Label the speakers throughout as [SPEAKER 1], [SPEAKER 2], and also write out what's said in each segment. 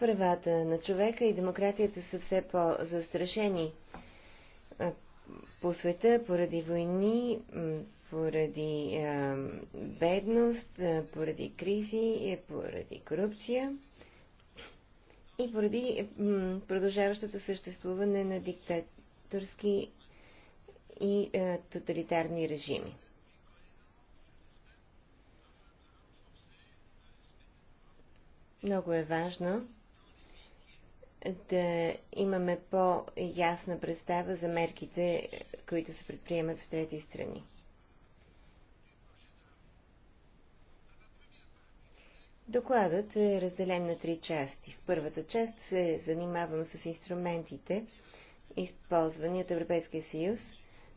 [SPEAKER 1] правата на човека и демокрацията са все по-застрашени по света поради войни, поради бедност, поради кризи, е, поради корупция и поради продължаващото съществуване на диктаторски и тоталитарни режими. Много е важно да имаме по-ясна представа за мерките, които се предприемат в трети страни. Докладът е разделен на три части. В първата част се занимавам с инструментите, използвани от Европейския съюз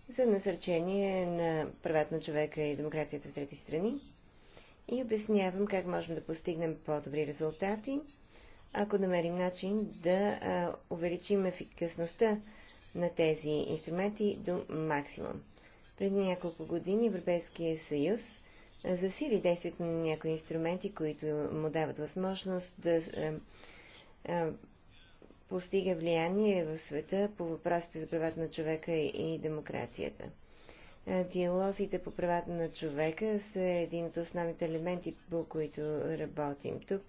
[SPEAKER 1] за насърчение на правата на човека и демокрацията в трети страни и обяснявам как можем да постигнем по-добри резултати – ако намерим начин да увеличим ефикасността на тези инструменти до максимум. Преди няколко години Европейския съюз засили действието на някои инструменти, които му дават възможност да постига влияние в света по въпросите за правата на човека и демокрацията. Диалозите по правата на човека са един от основните елементи, по които работим тук.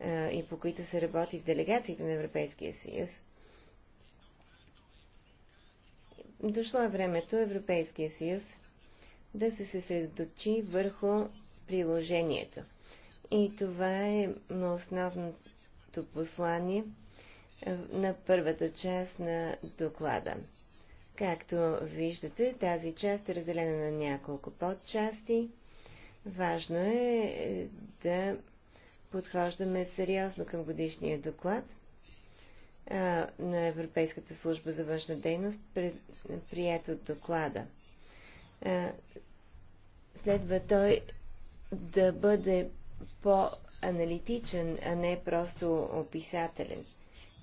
[SPEAKER 1] Е, и по които се работи в делегациите на Европейския съюз. Дошло е времето Европейския съюз да се съсредоточи върху приложението. И това е основното послание е, на първата част на доклада. Както виждате, тази част е разделена на няколко подчасти. Важно е, е да подхождаме сериозно към годишния доклад а, на Европейската служба за външна дейност, прият от доклада. А, следва той да бъде по-аналитичен, а не просто описателен.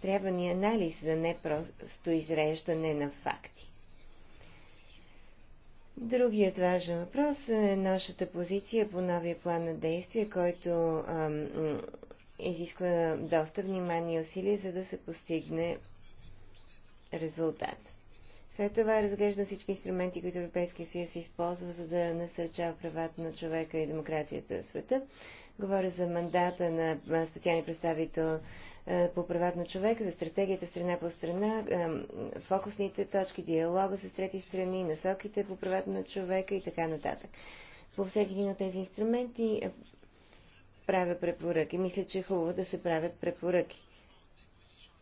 [SPEAKER 1] Трябва ни анализ, за не просто изреждане на факти. Другият важен въпрос е нашата позиция по новия план на действие, който ам, изисква доста внимание и усилия, за да се постигне резултат. След това разглежда всички инструменти, които Европейския съюз използва, за да насърчава правата на човека и демокрацията в света. Говоря за мандата на специалния представител е, по правата на човека, за стратегията страна по страна, е, фокусните точки, диалога с трети страни, насоките по правата на човека и така нататък. По всеки един от тези инструменти е, правя препоръки. Мисля, че е хубаво да се правят препоръки.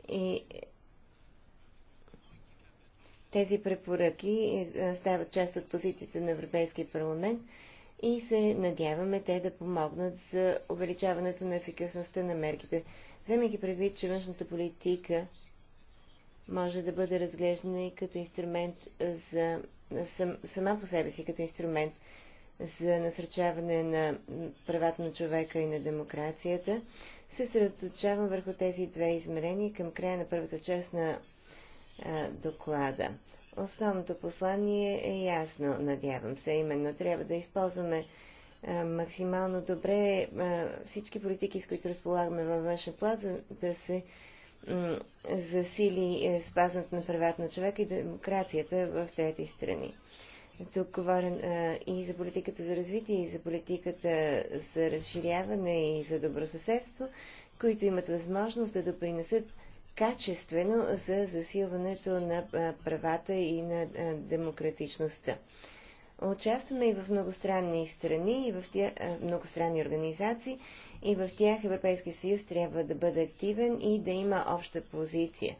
[SPEAKER 1] И тези препоръки стават част от позицията на Европейския парламент и се надяваме те да помогнат за увеличаването на ефикасността на мерките Вземайки предвид, че външната политика може да бъде разглеждана и като инструмент за, сам, сама по себе си, като инструмент за насърчаване на правата на човека и на демокрацията, се съсредоточавам върху тези две измерения към края на първата част на а, доклада. Основното послание е ясно, надявам се, именно трябва да използваме е, максимално добре е, всички политики, с които разполагаме във външен план, да, да се засили е, спазването на правата на човека и демокрацията в трети страни. Тук говоря и за политиката за развитие, и за политиката за разширяване и за добросъседство, които имат възможност да допринесат качествено за засилването на правата и на демократичността. Участваме и в многостранни страни, и в тя, многостранни организации, и в тях Европейския съюз трябва да бъде активен и да има обща позиция.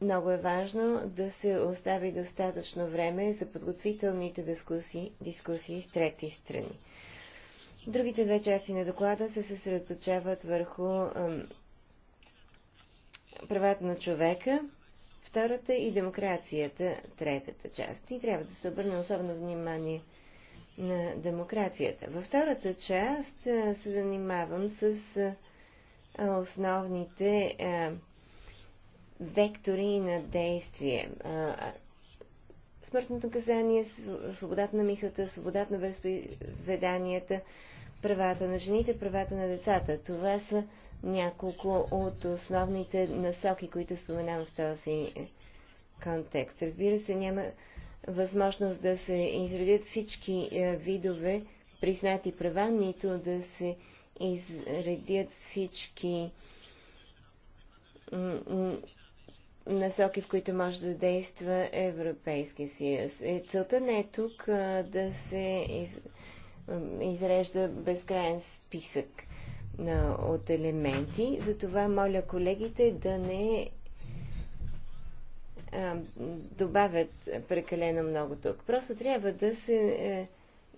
[SPEAKER 1] Много е важно да се остави достатъчно време за подготвителните дискусии, дискусии с трети страни. Другите две части на доклада се съсредоточават върху правата на човека втората и демокрацията третата част. И трябва да се обърне особено внимание на демокрацията. Във втората част се занимавам с основните вектори на действие. Смъртното наказание, свободата на мисълта, свободата на вероисповеданията, правата на жените, правата на децата. Това са няколко от основните насоки, които споменавам в този контекст. Разбира се, няма възможност да се изредят всички е, видове признати права, нито да се изредят всички насоки, в които може да действа Европейския съюз. Е, целта не е тук да се изрежда безкрайен списък от елементи. Затова моля колегите да не добавят прекалено много тук. Просто трябва да се е,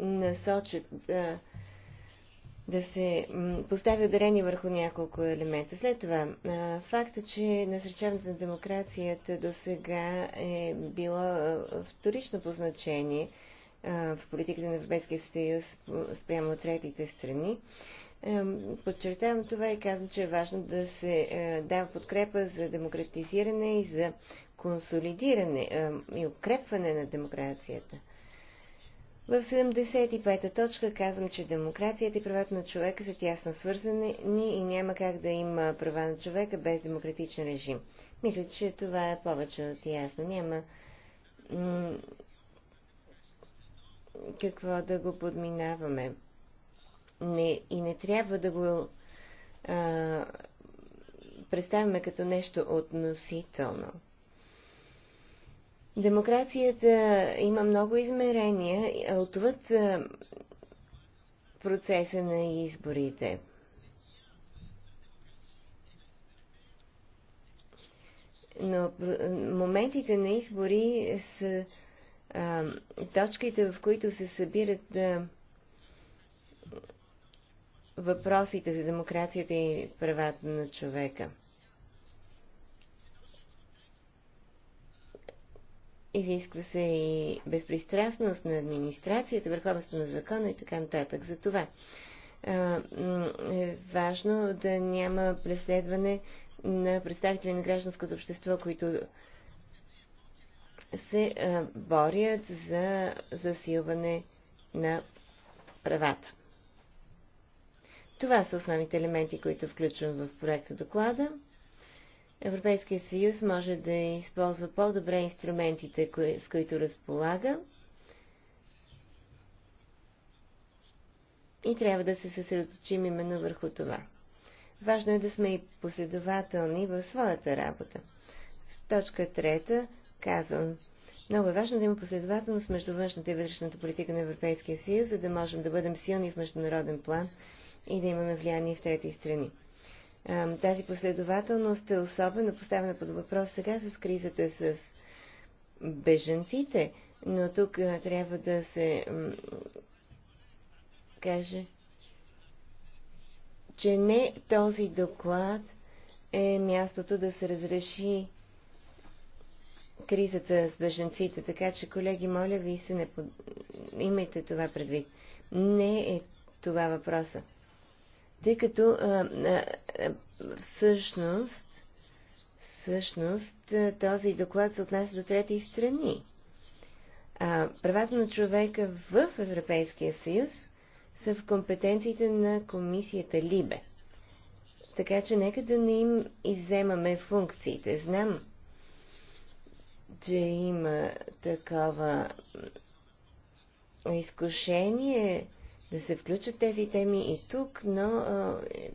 [SPEAKER 1] насочат, да, да се поставя дарени върху няколко елемента. След това, факта, че насречаването на демокрацията до сега е било вторично по значение в политиката на Европейския съюз спрямо от третите страни, Подчертавам това и казвам, че е важно да се е, дава подкрепа за демократизиране и за консолидиране и укрепване на демокрацията. В 75-та точка казвам, че демокрацията и правата на човека са тясно свързани и няма как да има права на човека без демократичен режим. Мисля, че това е повече от ясно. Няма какво да го подминаваме не, и не трябва да го а, представяме като нещо относително. Демокрацията има много измерения отвъд процеса на изборите. Но моментите на избори са а, точките, в които се събират а, въпросите за демокрацията и правата на човека. Изисква се и безпристрастност на администрацията, върховенство на закона и така нататък. За това е важно да няма преследване на представители на гражданското общество, които се борят за засилване на правата. Това са основните елементи, които включвам в проекта доклада. Европейския съюз може да използва по-добре инструментите, кои, с които разполага и трябва да се съсредоточим именно върху това. Важно е да сме и последователни в своята работа. В точка трета казвам, много е важно да има последователност между външната и вътрешната политика на Европейския съюз, за да можем да бъдем силни в международен план – и да имаме влияние в трети страни. Тази последователност е особено поставена под въпрос сега с кризата с бежанците, но тук трябва да се каже, че не този доклад е мястото да се разреши кризата с бежанците. Така че, колеги, моля ви се, не под... имайте това предвид. Не е това въпроса. Тъй като а, а, всъщност, всъщност този доклад се отнася до трети страни. А правата на човека в Европейския съюз са в компетенциите на комисията Либе. Така че нека да не им изземаме функциите. Знам, че има такова изкушение да се включат тези теми и тук, но а, е,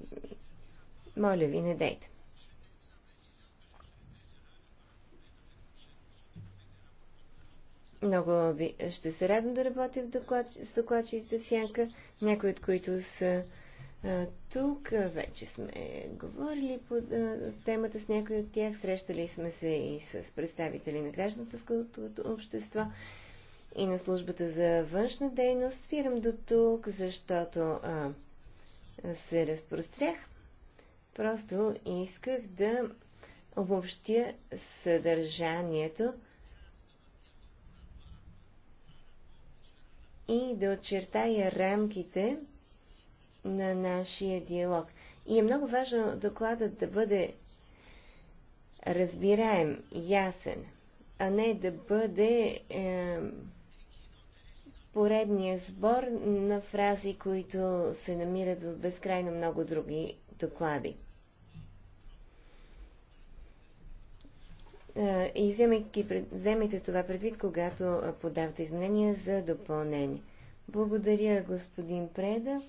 [SPEAKER 1] моля ви, не дейте. Много ви ще се радвам да работя в доклад, с докладчиците в сянка, някои от които са а, тук. Вече сме говорили по а, темата с някои от тях, срещали сме се и с представители на гражданското общество и на службата за външна дейност. Спирам до тук, защото а, се разпрострях. Просто исках да обобщя съдържанието и да очертая рамките на нашия диалог. И е много важно докладът да бъде разбираем, ясен, а не да бъде е, поредния сбор на фрази, които се намират в безкрайно много други доклади. Е, и вземайки, вземайте това предвид, когато е, подавате изменения за допълнение. Благодаря, господин Преда.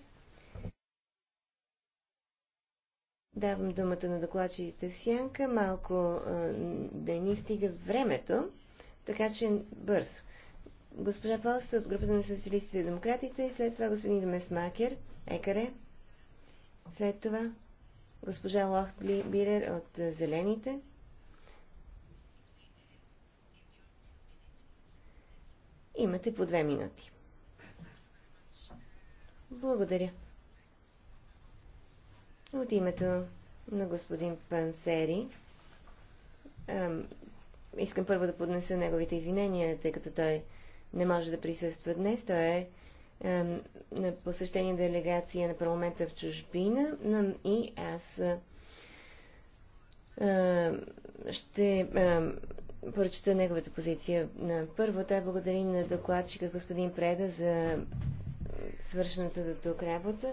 [SPEAKER 1] Давам думата на докладчиците в сянка. Малко да е, ни стига времето, така че бързо. Госпожа Полста от групата на социалистите и демократите и след това господин Демесмакер, Екаре. След това госпожа Лох Билер от е, Зелените. Имате по две минути. Благодаря. От името на господин Пансери. искам първо да поднеса неговите извинения, тъй като той не може да присъства днес. Той е на посещение делегация на парламента в чужбина и аз ще прочета неговата позиция. на Първо, той благодари на докладчика господин Преда за свършената до тук работа.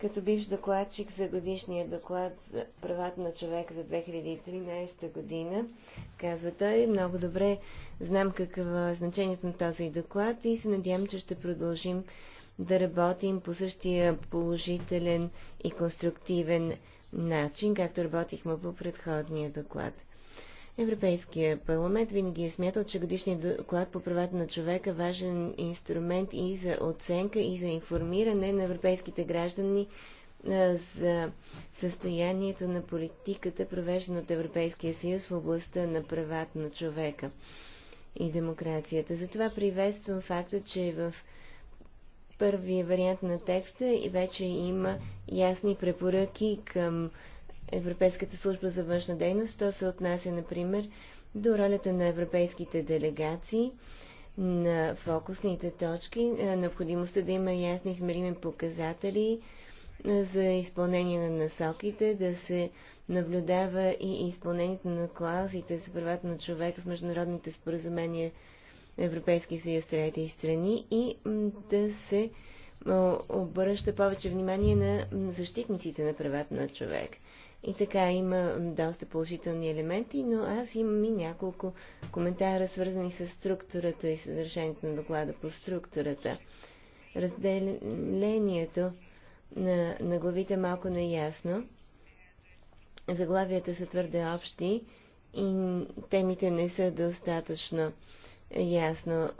[SPEAKER 1] Като бивш докладчик за годишния доклад за правата на човека за 2013 година, казва той, много добре знам какво е значението на този доклад и се надявам, че ще продължим да работим по същия положителен и конструктивен начин, както работихме по предходния доклад. Европейския парламент винаги е смятал, че годишният доклад по правата на човека е важен инструмент и за оценка, и за информиране на европейските граждани за състоянието на политиката, провеждана от Европейския съюз в областта на правата на човека и демокрацията. Затова приветствам факта, че в първия вариант на текста и вече има ясни препоръки към Европейската служба за външна дейност, що се отнася, например, до ролята на европейските делегации, на фокусните точки, е, необходимостта да има ясни измерими показатели е, за изпълнение на насоките, да се наблюдава и изпълнението на клаузите за правата на човека в международните споразумения Европейския съюз трети страни и да се обръща повече внимание на защитниците на правата на човек. И така има доста положителни елементи, но аз имам и няколко коментара, свързани с структурата и съдържанието на доклада по структурата. Разделението на, на главите е малко неясно. Заглавията са твърде общи и темите не са достатъчно ясно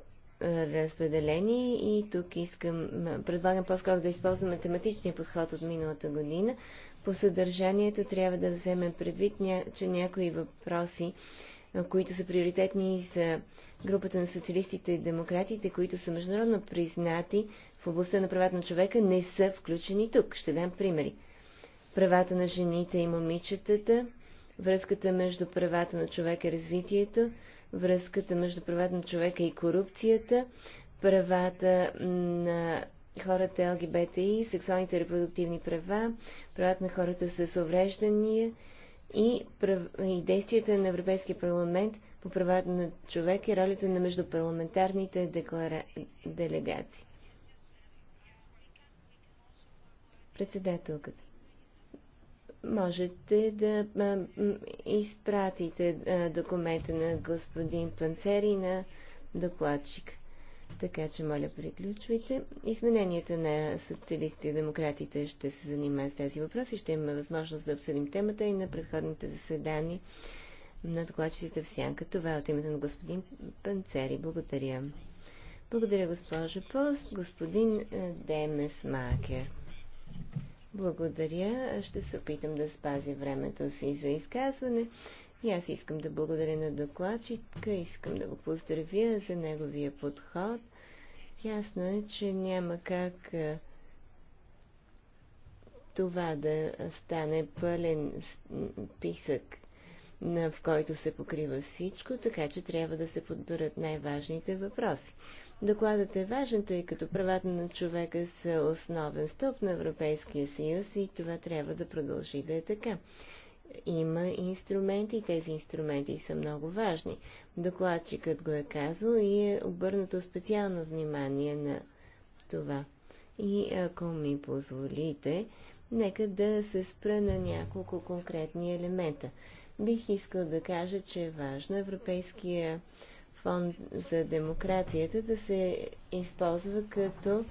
[SPEAKER 1] разпределени и тук искам, предлагам по-скоро да използвам математичния подход от миналата година. По съдържанието трябва да вземем предвид, че някои въпроси, които са приоритетни за групата на социалистите и демократите, които са международно признати в областта на правата на човека, не са включени тук. Ще дам примери. Правата на жените и момичетата, връзката между правата на човека и развитието, връзката между правата на човека и корупцията, правата на хората ЛГБТИ, сексуалните репродуктивни права, правата на хората с увреждания и, прав... и действията на Европейския парламент по правата на човека и ролята на междупарламентарните деклара... делегации. Председателката можете да изпратите документа на господин Панцери на докладчик. Така че, моля, приключвайте. Измененията на социалистите и демократите ще се занимават с тези въпроси. Ще имаме възможност да обсъдим темата и на предходните заседания на докладчиците в Сянка. Това е от името на господин Панцери. Благодаря. Благодаря, госпожа Пост. Господин Демес Макер. Благодаря. Ще се опитам да спазя времето си за изказване. И аз искам да благодаря на докладчика, искам да го поздравя за неговия подход. Ясно е, че няма как това да стане пълен писък, в който се покрива всичко, така че трябва да се подберат най-важните въпроси. Докладът е важен, тъй като правата на човека са основен стълб на Европейския съюз и това трябва да продължи да е така. Има инструменти и тези инструменти са много важни. Докладчикът го е казал и е обърнато специално внимание на това. И ако ми позволите, нека да се спра на няколко конкретни елемента. Бих искал да кажа, че е важно Европейския фонд за демокрацията да се използва като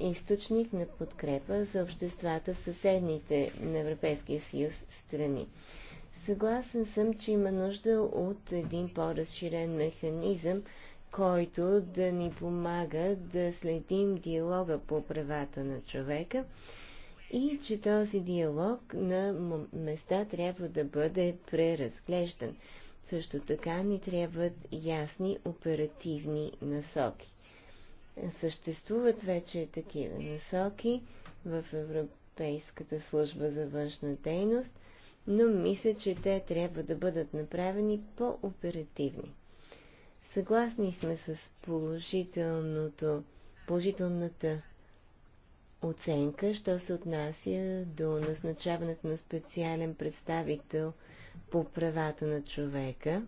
[SPEAKER 1] източник на подкрепа за обществата в съседните на Европейския съюз страни. Съгласен съм, че има нужда от един по-разширен механизъм, който да ни помага да следим диалога по правата на човека и че този диалог на места трябва да бъде преразглеждан. Също така ни трябват ясни оперативни насоки. Съществуват вече такива насоки в Европейската служба за външна дейност, но мисля, че те трябва да бъдат направени по-оперативни. Съгласни сме с положителното, положителната оценка, що се отнася до назначаването на специален представител по правата на човека,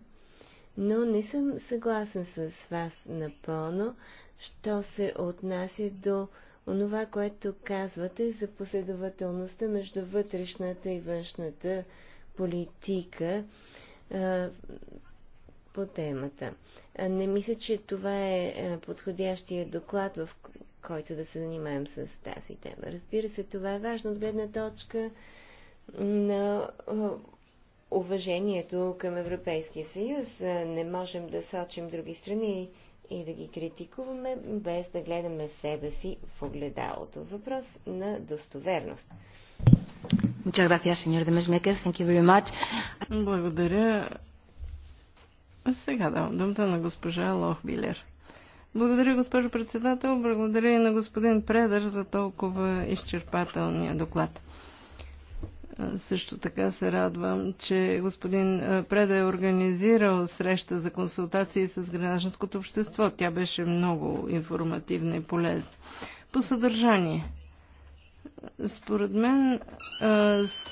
[SPEAKER 1] но не съм съгласен с вас напълно, що се отнася до онова, което казвате за последователността между вътрешната и външната политика а, по темата. Не мисля, че това е подходящия доклад, в който да се занимаем с тази тема. Разбира се, това е важно от гледна точка на уважението към Европейския съюз. Не можем да сочим други страни и да ги критикуваме, без да гледаме себе си в огледалото. Въпрос на достоверност. Благодаря. Сега давам думата на
[SPEAKER 2] госпожа Лохбилер. Благодаря, госпожо председател. Благодаря и на господин Предър за толкова изчерпателния доклад. Също така се радвам, че господин Преда е организирал среща за консултации с гражданското общество. Тя беше много информативна и полезна. По съдържание. Според мен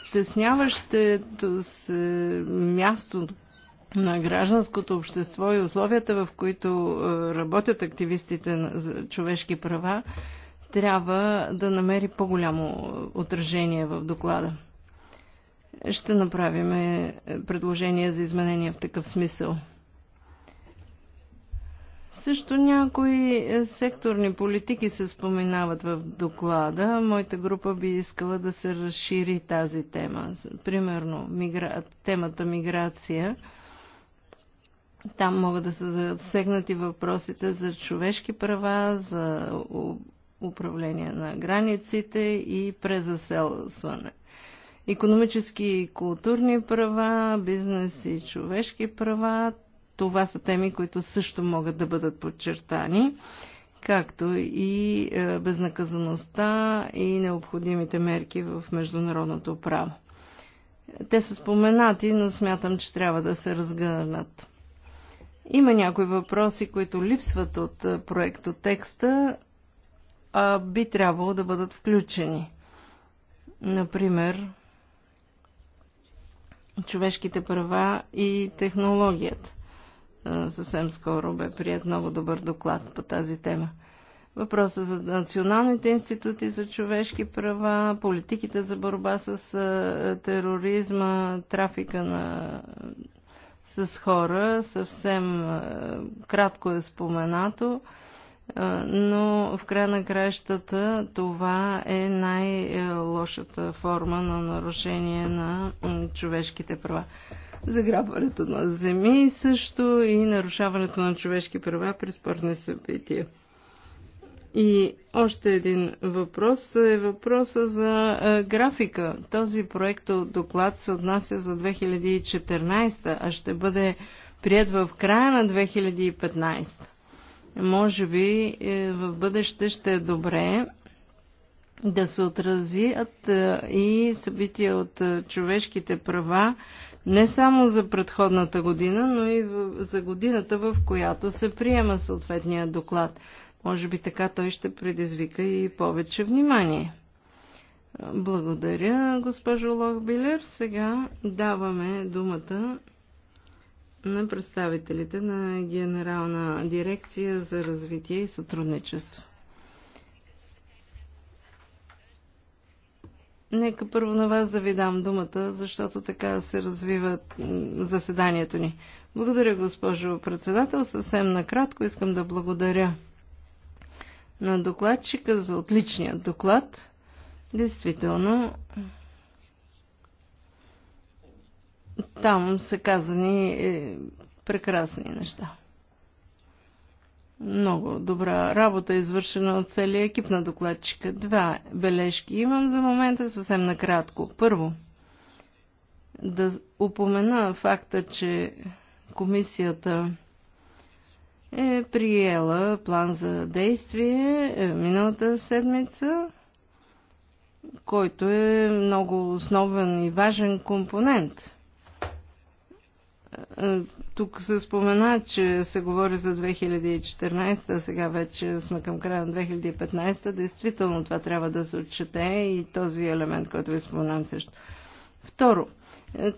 [SPEAKER 2] стесняващето се място, на гражданското общество и условията, в които е, работят активистите за човешки права, трябва да намери по-голямо е, отражение в доклада. Ще направим е, предложение за изменения в такъв смисъл. Също някои секторни политики се споменават в доклада. Моята група би искала да се разшири тази тема. Примерно мигра... темата миграция – там могат да се засегнати въпросите за човешки права, за управление на границите и презаселване. Економически и културни права, бизнес и човешки права, това са теми, които също могат да бъдат подчертани, както и е, безнаказаността и необходимите мерки в международното право. Те са споменати, но смятам, че трябва да се разгърнат. Има някои въпроси, които липсват от е, проекто текста, а би трябвало да бъдат включени. Например, човешките права и технологията. Е, съвсем скоро бе прият много добър доклад по тази тема. Въпроса за националните институти за човешки права, политиките за борба с е, тероризма, трафика на с хора. Съвсем е, кратко е споменато, е, но в края на краищата това е най-лошата форма на нарушение на човешките права. Заграбването на земи също и нарушаването на човешки права при спортни събития. И още един въпрос е въпроса за графика. Този проект доклад се отнася за 2014, а ще бъде прият в края на 2015. Може би е, в бъдеще ще е добре да се отразят е, и събития от е, човешките права не само за предходната година, но и за годината, в която се приема съответния доклад. Може би така той ще предизвика и повече внимание. Благодаря, госпожо Лохбилер. Сега даваме думата на представителите на Генерална дирекция за развитие и сътрудничество. Нека първо на вас да ви дам думата, защото така се развива заседанието ни. Благодаря, госпожо председател. Съвсем накратко искам да благодаря на докладчика за отличния доклад. Действително, там са казани е, прекрасни неща. Много добра работа е извършена от целия екип на докладчика. Два бележки имам за момента съвсем накратко. Първо, да упомена факта, че комисията е приела план за действие е, миналата седмица, който е много основен и важен компонент. Е, тук се спомена, че се говори за 2014, а сега вече сме към края на 2015. Действително това трябва да се отчете и този елемент, който ви споменам също. Второ,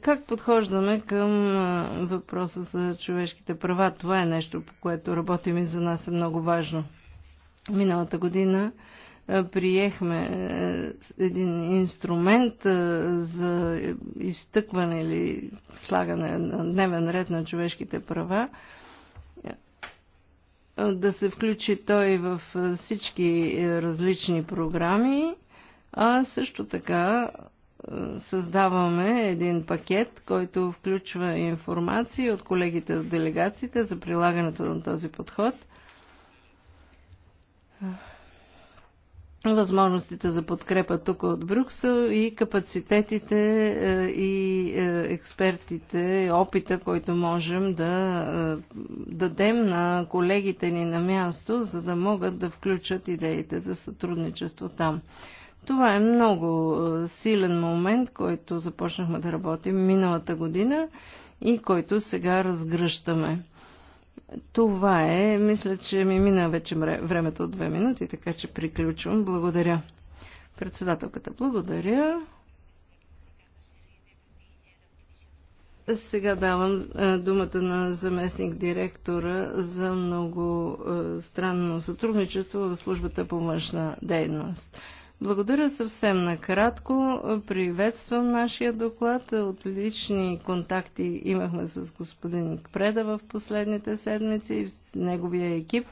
[SPEAKER 2] как подхождаме към въпроса за човешките права? Това е нещо, по което работим и за нас е много важно. Миналата година приехме един инструмент за изтъкване или слагане на дневен ред на човешките права да се включи той в всички различни програми, а също така създаваме един пакет, който включва информация от колегите от делегациите за прилагането на този подход, възможностите за подкрепа тук от Брюксел и капацитетите е, и е, експертите, опита, който можем да е, дадем на колегите ни на място, за да могат да включат идеите за сътрудничество там. Това е много е, силен момент, който започнахме да работим миналата година и който сега разгръщаме. Това е. Мисля, че ми мина вече времето от две минути, така че приключвам. Благодаря. Председателката, благодаря. Сега давам е, думата на заместник директора за много е, странно сътрудничество в службата по външна дейност. Благодаря съвсем накратко. Приветствам нашия доклад. Отлични контакти имахме с господин Преда в последните седмици и неговия екип.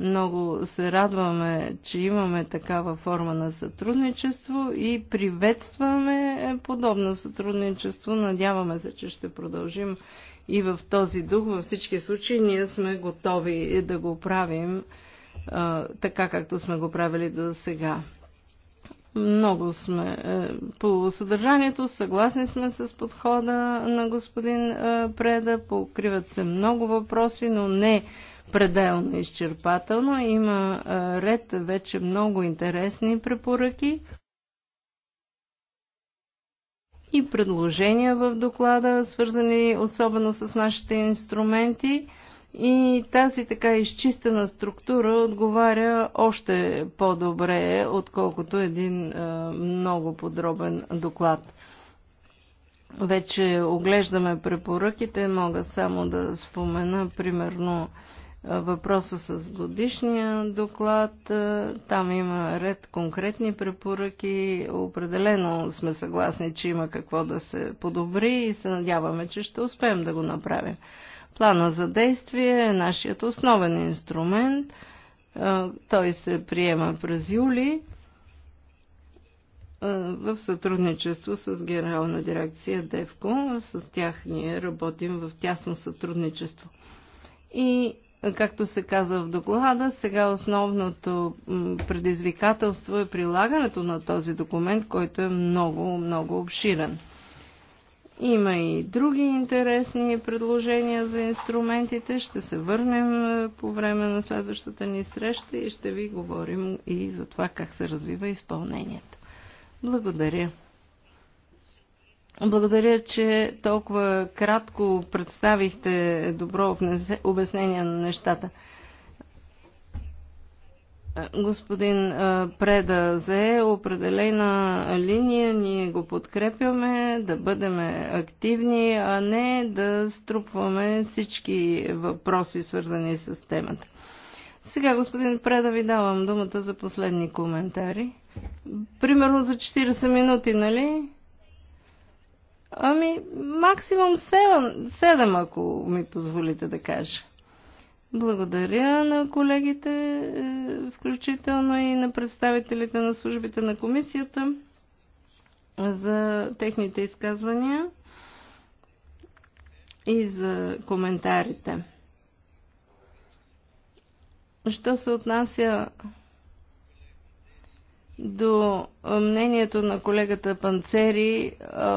[SPEAKER 2] Много се радваме, че имаме такава форма на сътрудничество и приветстваме подобно сътрудничество. Надяваме се, че ще продължим и в този дух. Във всички случаи ние сме готови да го правим така, както сме го правили до сега. Много сме е, по съдържанието, съгласни сме с подхода на господин е, Преда, покриват се много въпроси, но не пределно изчерпателно. Има е, ред вече много интересни препоръки и предложения в доклада, свързани особено с нашите инструменти – и тази така изчистена структура отговаря още по-добре, отколкото един много подробен доклад. Вече оглеждаме препоръките, мога само да спомена примерно въпроса с годишния доклад. Там има ред конкретни препоръки. Определено сме съгласни, че има какво да се подобри и се надяваме, че ще успеем да го направим. Плана за действие е нашият основен инструмент. Той се приема през юли в сътрудничество с Генерална дирекция ДЕВКО. С тях ние работим в тясно сътрудничество. И, както се казва в доклада, сега основното предизвикателство е прилагането на този документ, който е много, много обширен. Има и други интересни предложения за инструментите. Ще се върнем е, по време на следващата ни среща и ще ви говорим и за това как се развива изпълнението. Благодаря. Благодаря, че толкова кратко представихте добро обяснение на нещата. Господин Преда зае определена линия, ние го подкрепяме, да бъдем активни, а не да струпваме всички въпроси, свързани с темата. Сега, господин Преда, ви давам думата за последни коментари. Примерно за 40 минути, нали? Ами, максимум 7, 7 ако ми позволите да кажа. Благодаря на колегите, е, включително и на представителите на службите на комисията за техните изказвания и за коментарите. Що се отнася до мнението на колегата Панцери,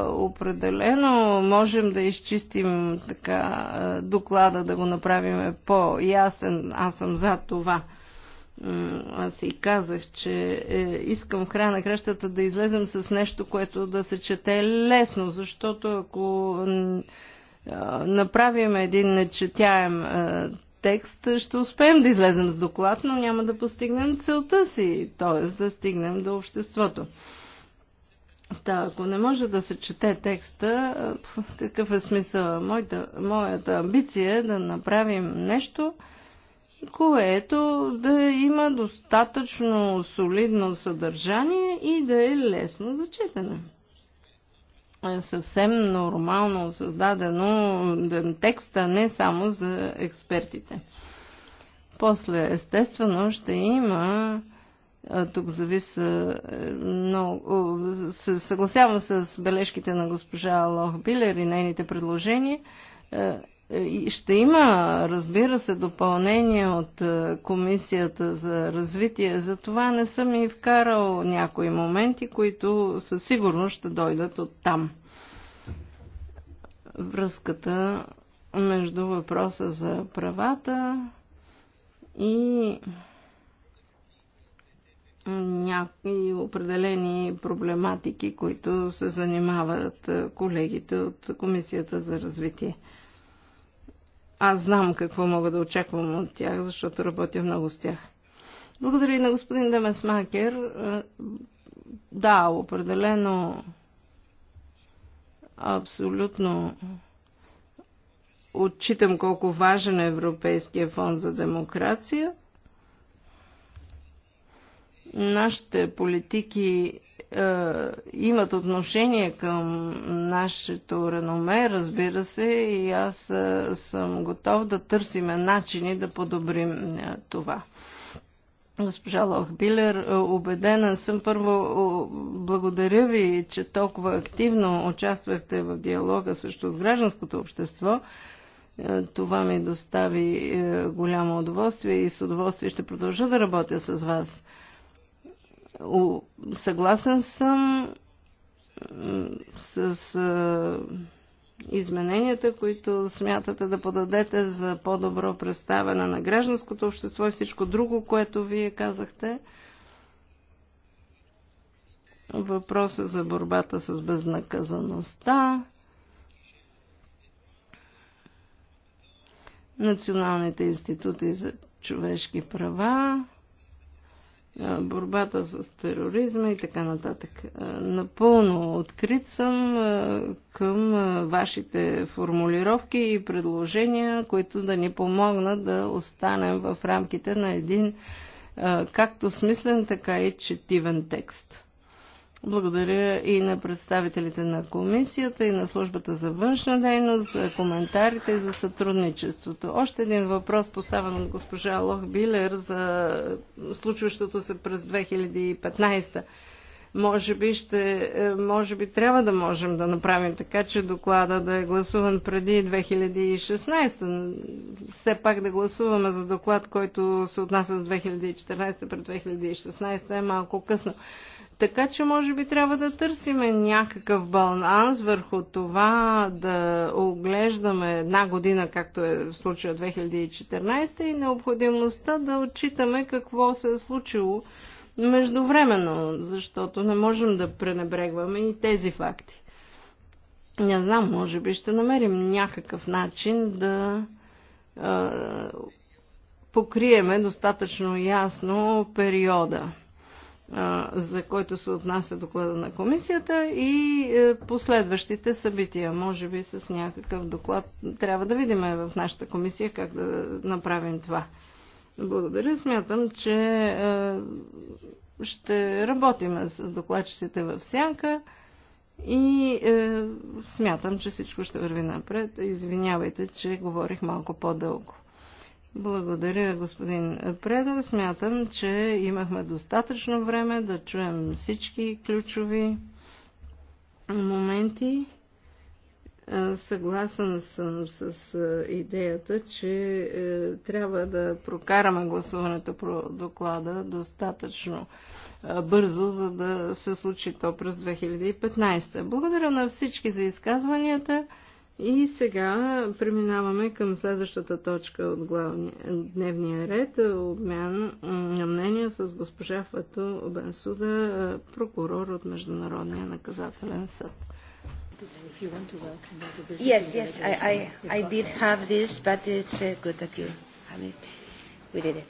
[SPEAKER 2] определено можем да изчистим така доклада, да го направим по-ясен. Аз съм за това. Аз и казах, че е, искам в края на кращата да излезем с нещо, което да се чете лесно, защото ако направим един нечетяем текст ще успеем да излезем с доклад, но няма да постигнем целта си, т.е. да стигнем до обществото. Да, ако не може да се чете текста, какъв е смисъл? Моята, моята амбиция е да направим нещо, което да има достатъчно солидно съдържание и да е лесно за четене. Е съвсем нормално създадено текста, не само за експертите. После, естествено, ще има тук зависа е, много. съгласявам с бележките на госпожа Лох Билер и нейните предложения. Е, ще има, разбира се, допълнение от е, Комисията за развитие. За това не съм и вкарал някои моменти, които със сигурност ще дойдат от там. Връзката между въпроса за правата и някои определени проблематики, които се занимават е, колегите от Комисията за развитие. Аз знам какво мога да очаквам от тях, защото работя много с тях. Благодаря и на господин Демесмакер. Е, да, определено, абсолютно отчитам колко важен е Европейския фонд за демокрация. Нашите политики е, имат отношение към нашето реноме, разбира се, и аз е, съм готов да търсиме начини да подобрим е, това. Госпожа Лохбилер, убедена съм. Първо, благодаря ви, че толкова активно участвахте в диалога също с гражданското общество. Това ми достави голямо удоволствие и с удоволствие ще продължа да работя с вас. Съгласен съм с измененията, които смятате да подадете за по-добро представяне на гражданското общество и всичко друго, което вие казахте. Въпроса за борбата с безнаказаността. Националните институти за човешки права борбата с тероризма и така нататък. Напълно открит съм към вашите формулировки и предложения, които да ни помогнат да останем в рамките на един както смислен, така и четивен текст. Благодаря и на представителите на комисията и на службата за външна дейност, за коментарите и за сътрудничеството. Още един въпрос поставен от госпожа Лох Билер за случващото се през 2015 може би, ще, е, може би трябва да можем да направим така, че доклада да е гласуван преди 2016. Все пак да гласуваме за доклад, който се отнася до 2014 пред 2016 е малко късно. Така че може би трябва да търсиме някакъв баланс върху това да оглеждаме една година, както е в случая 2014 и необходимостта да отчитаме какво се е случило междувременно, защото не можем да пренебрегваме и тези факти. Не знам, може би ще намерим някакъв начин да е, покриеме достатъчно ясно периода за който се отнася доклада на комисията и е, последващите събития. Може би с някакъв доклад. Трябва да видим в нашата комисия как да направим това. Благодаря. Смятам, че е, ще работим с докладчиците в сянка и е, смятам, че всичко ще върви напред. Извинявайте, че говорих малко по-дълго. Благодаря, господин Преда. Смятам, че имахме достатъчно време да чуем всички ключови моменти. Съгласен съм с идеята, че е, трябва да прокараме гласуването про доклада достатъчно бързо, за да се случи то през 2015. Благодаря на всички за изказванията. И сега преминаваме към следващата точка от главния, дневния ред обмян на мнение с госпожа Фато Бенсуда, прокурор от Международния наказателен съд.
[SPEAKER 1] Yes, yes, I, I, I did have this, but it's uh, good that you have it. We did it.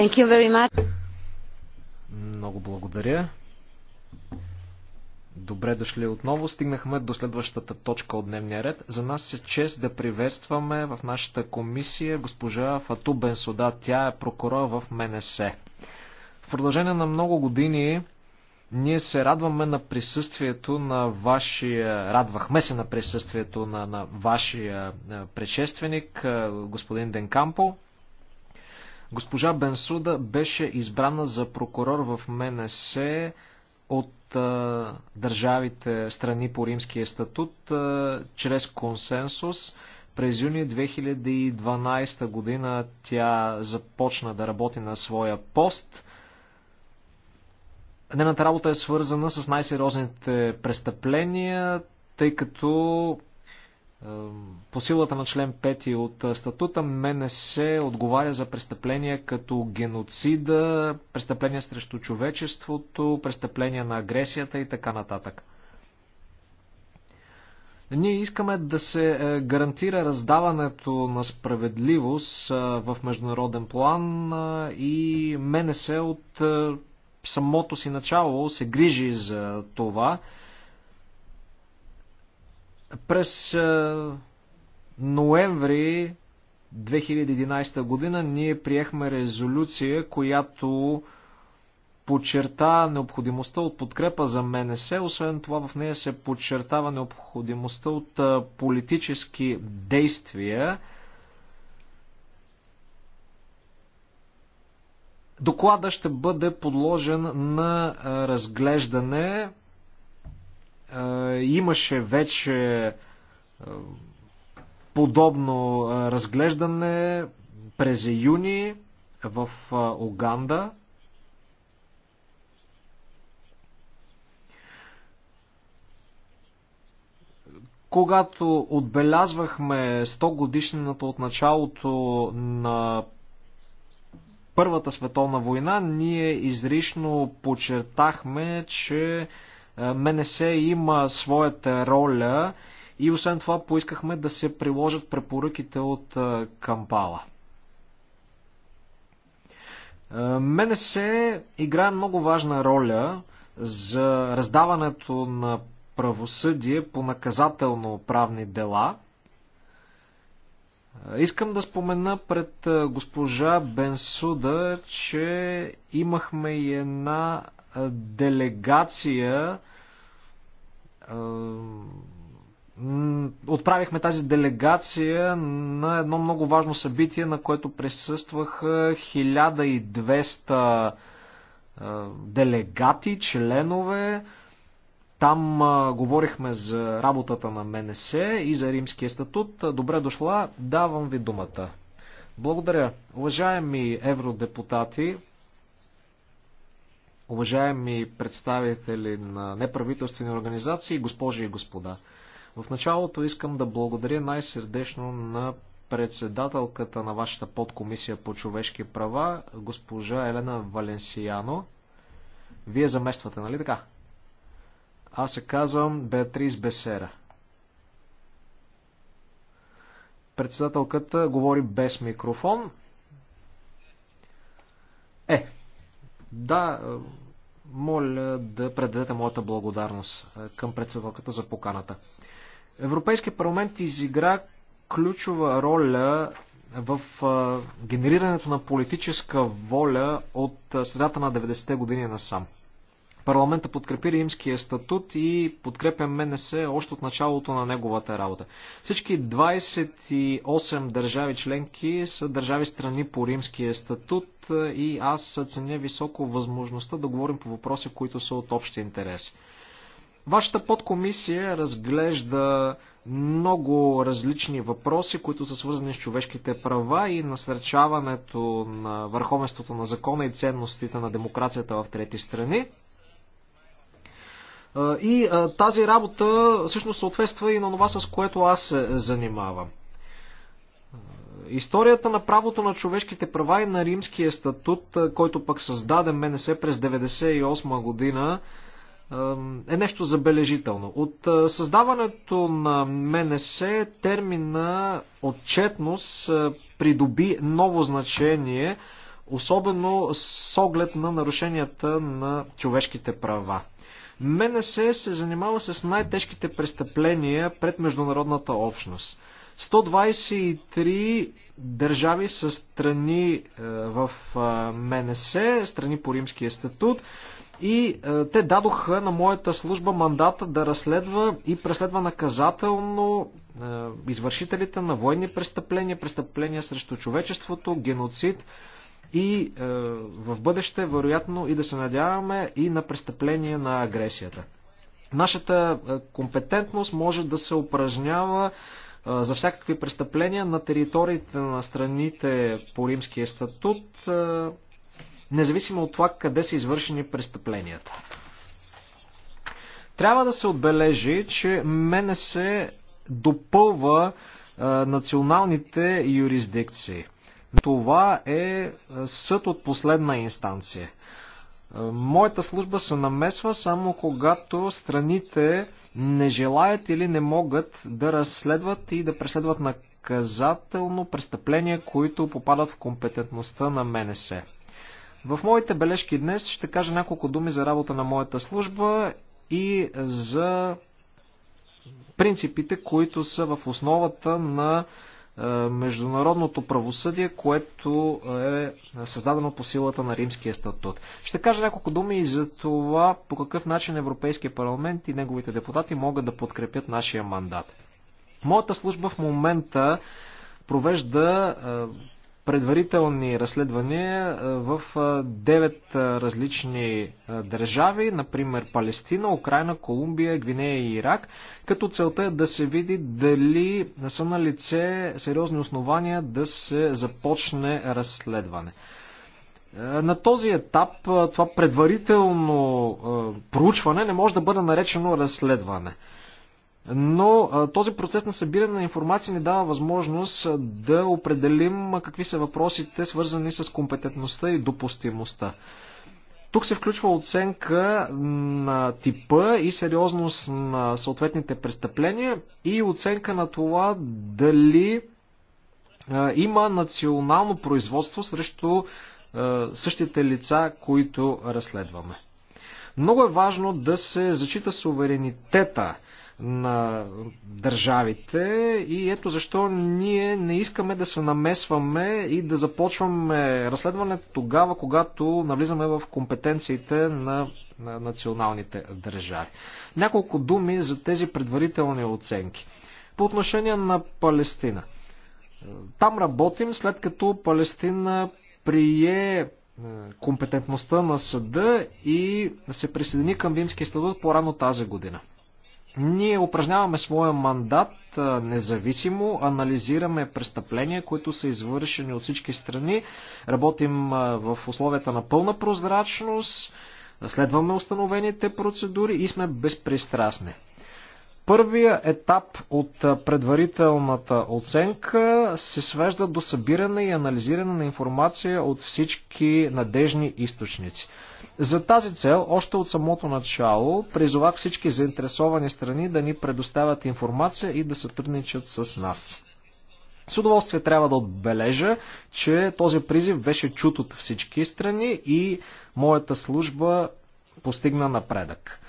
[SPEAKER 1] Thank you very much.
[SPEAKER 3] Много благодаря. Добре дошли отново. Стигнахме до следващата точка от дневния ред. За нас е чест да приветстваме в нашата комисия госпожа Фату Бенсода. Тя е прокурор в МНС. В продължение на много години ние се радваме на присъствието на вашия, радвахме се на присъствието на, на вашия е, предшественик, е, господин Денкампо. Госпожа Бенсуда беше избрана за прокурор в МНС от а, държавите страни по римския статут а, чрез консенсус. През юни 2012 година тя започна да работи на своя пост. Нената работа е свързана с най-сериозните престъпления, тъй като по силата на член 5 от статута МНС отговаря за престъпления като геноцида, престъпления срещу човечеството, престъпления на агресията и така нататък. Ние искаме да се е, гарантира раздаването на справедливост е, в международен план е, и МНС от самото си начало се грижи за това. През е, ноември 2011 година ние приехме резолюция, която подчерта необходимостта от подкрепа за МНС, освен това в нея се подчертава необходимостта от е, политически действия. Доклада ще бъде подложен на е, разглеждане имаше вече подобно разглеждане през юни в Оганда. Когато отбелязвахме 100 годишнината от началото на Първата световна война, ние изрично подчертахме, че е, МНС има своята роля и освен това поискахме да се приложат препоръките от е, Кампала. Е, МНС играе много важна роля за раздаването на правосъдие по наказателно-правни дела. Искам да спомена пред госпожа Бенсуда, че имахме и една делегация отправихме тази делегация на едно много важно събитие, на което присъстваха 1200 делегати, членове. Там а, говорихме за работата на МНС и за римския статут. Добре дошла, давам ви думата. Благодаря. Уважаеми евродепутати, уважаеми представители на неправителствени организации, госпожи и господа. В началото искам да благодаря най-сърдечно на председателката на вашата подкомисия по човешки права, госпожа Елена Валенсияно. Вие замествате, нали така? Аз се казвам Беатрис Бесера. Председателката говори без микрофон. Е, да, моля да предадете моята благодарност е, към председателката за поканата. Европейския парламент изигра ключова роля в е, генерирането на политическа воля от е, средата на 90-те години насам. Парламента подкрепи римския статут и подкрепя МНС още от началото на неговата работа. Всички 28 държави членки са държави страни по римския статут и аз ценя високо възможността да говорим по въпроси, които са от общи интерес. Вашата подкомисия разглежда много различни въпроси, които са свързани с човешките права и насърчаването на върховенството на закона и ценностите на демокрацията в трети страни. И тази работа всъщност съответства и на това, с което аз се занимавам. Историята на правото на човешките права и на римския статут, който пък създаде МНС през 1998 година, е нещо забележително. От създаването на МНС термина отчетност придоби ново значение, особено с оглед на нарушенията на човешките права. МНС се занимава с най-тежките престъпления пред международната общност. 123 държави са страни е, в е, МНС, страни по римския статут и е, те дадоха на моята служба мандата да разследва и преследва наказателно извършителите на военни престъпления, престъпления срещу човечеството, геноцид, и е, в бъдеще, вероятно, и да се надяваме и на престъпление на агресията. Нашата е, компетентност може да се упражнява е, за всякакви престъпления на териториите на страните по римския статут, е, независимо от това къде са извършени престъпленията. Трябва да се отбележи, че мене се допълва националните юрисдикции. Това е, е съд от последна инстанция. Е, моята служба се намесва само когато страните не желаят или не могат да разследват и да преследват наказателно престъпления, които попадат в компетентността на МНС. В моите бележки днес ще кажа няколко думи за работа на моята служба и за принципите, които са в основата на е, международното правосъдие, което е създадено по силата на Римския статут. Ще кажа няколко думи и за това по какъв начин Европейския парламент и неговите депутати могат да подкрепят нашия мандат. Моята служба в момента провежда е, предварителни разследвания е, в 9 е, е, различни държави, например Палестина, Украина, Колумбия, Гвинея и Ирак, като целта е да се види дали не са на лице сериозни основания да се започне разследване. На този етап това предварително проучване не може да бъде наречено разследване. Но този процес на събиране на информация ни дава възможност да определим какви са въпросите, свързани с компетентността и допустимостта. Тук се включва оценка на типа и сериозност на съответните престъпления и оценка на това дали има национално производство срещу същите лица, които разследваме. Много е важно да се зачита суверенитета на държавите и ето защо ние не искаме да се намесваме и да започваме разследване тогава, когато навлизаме в компетенциите на, на националните държави. Няколко думи за тези предварителни оценки. По отношение на Палестина. Там работим след като Палестина прие е, компетентността на съда и се присъедини към Римския статут по-рано тази година. Ние упражняваме своя мандат независимо, анализираме престъпления, които са извършени от всички страни, работим в условията на пълна прозрачност, следваме установените процедури и сме безпристрастни. Първия етап от предварителната оценка се свежда до събиране и анализиране на информация от всички надежни източници. За тази цел, още от самото начало, призовах всички заинтересовани страни да ни предоставят информация и да сътрудничат с нас. С удоволствие трябва да отбележа, че този призив беше чут от всички страни и моята служба постигна напредък.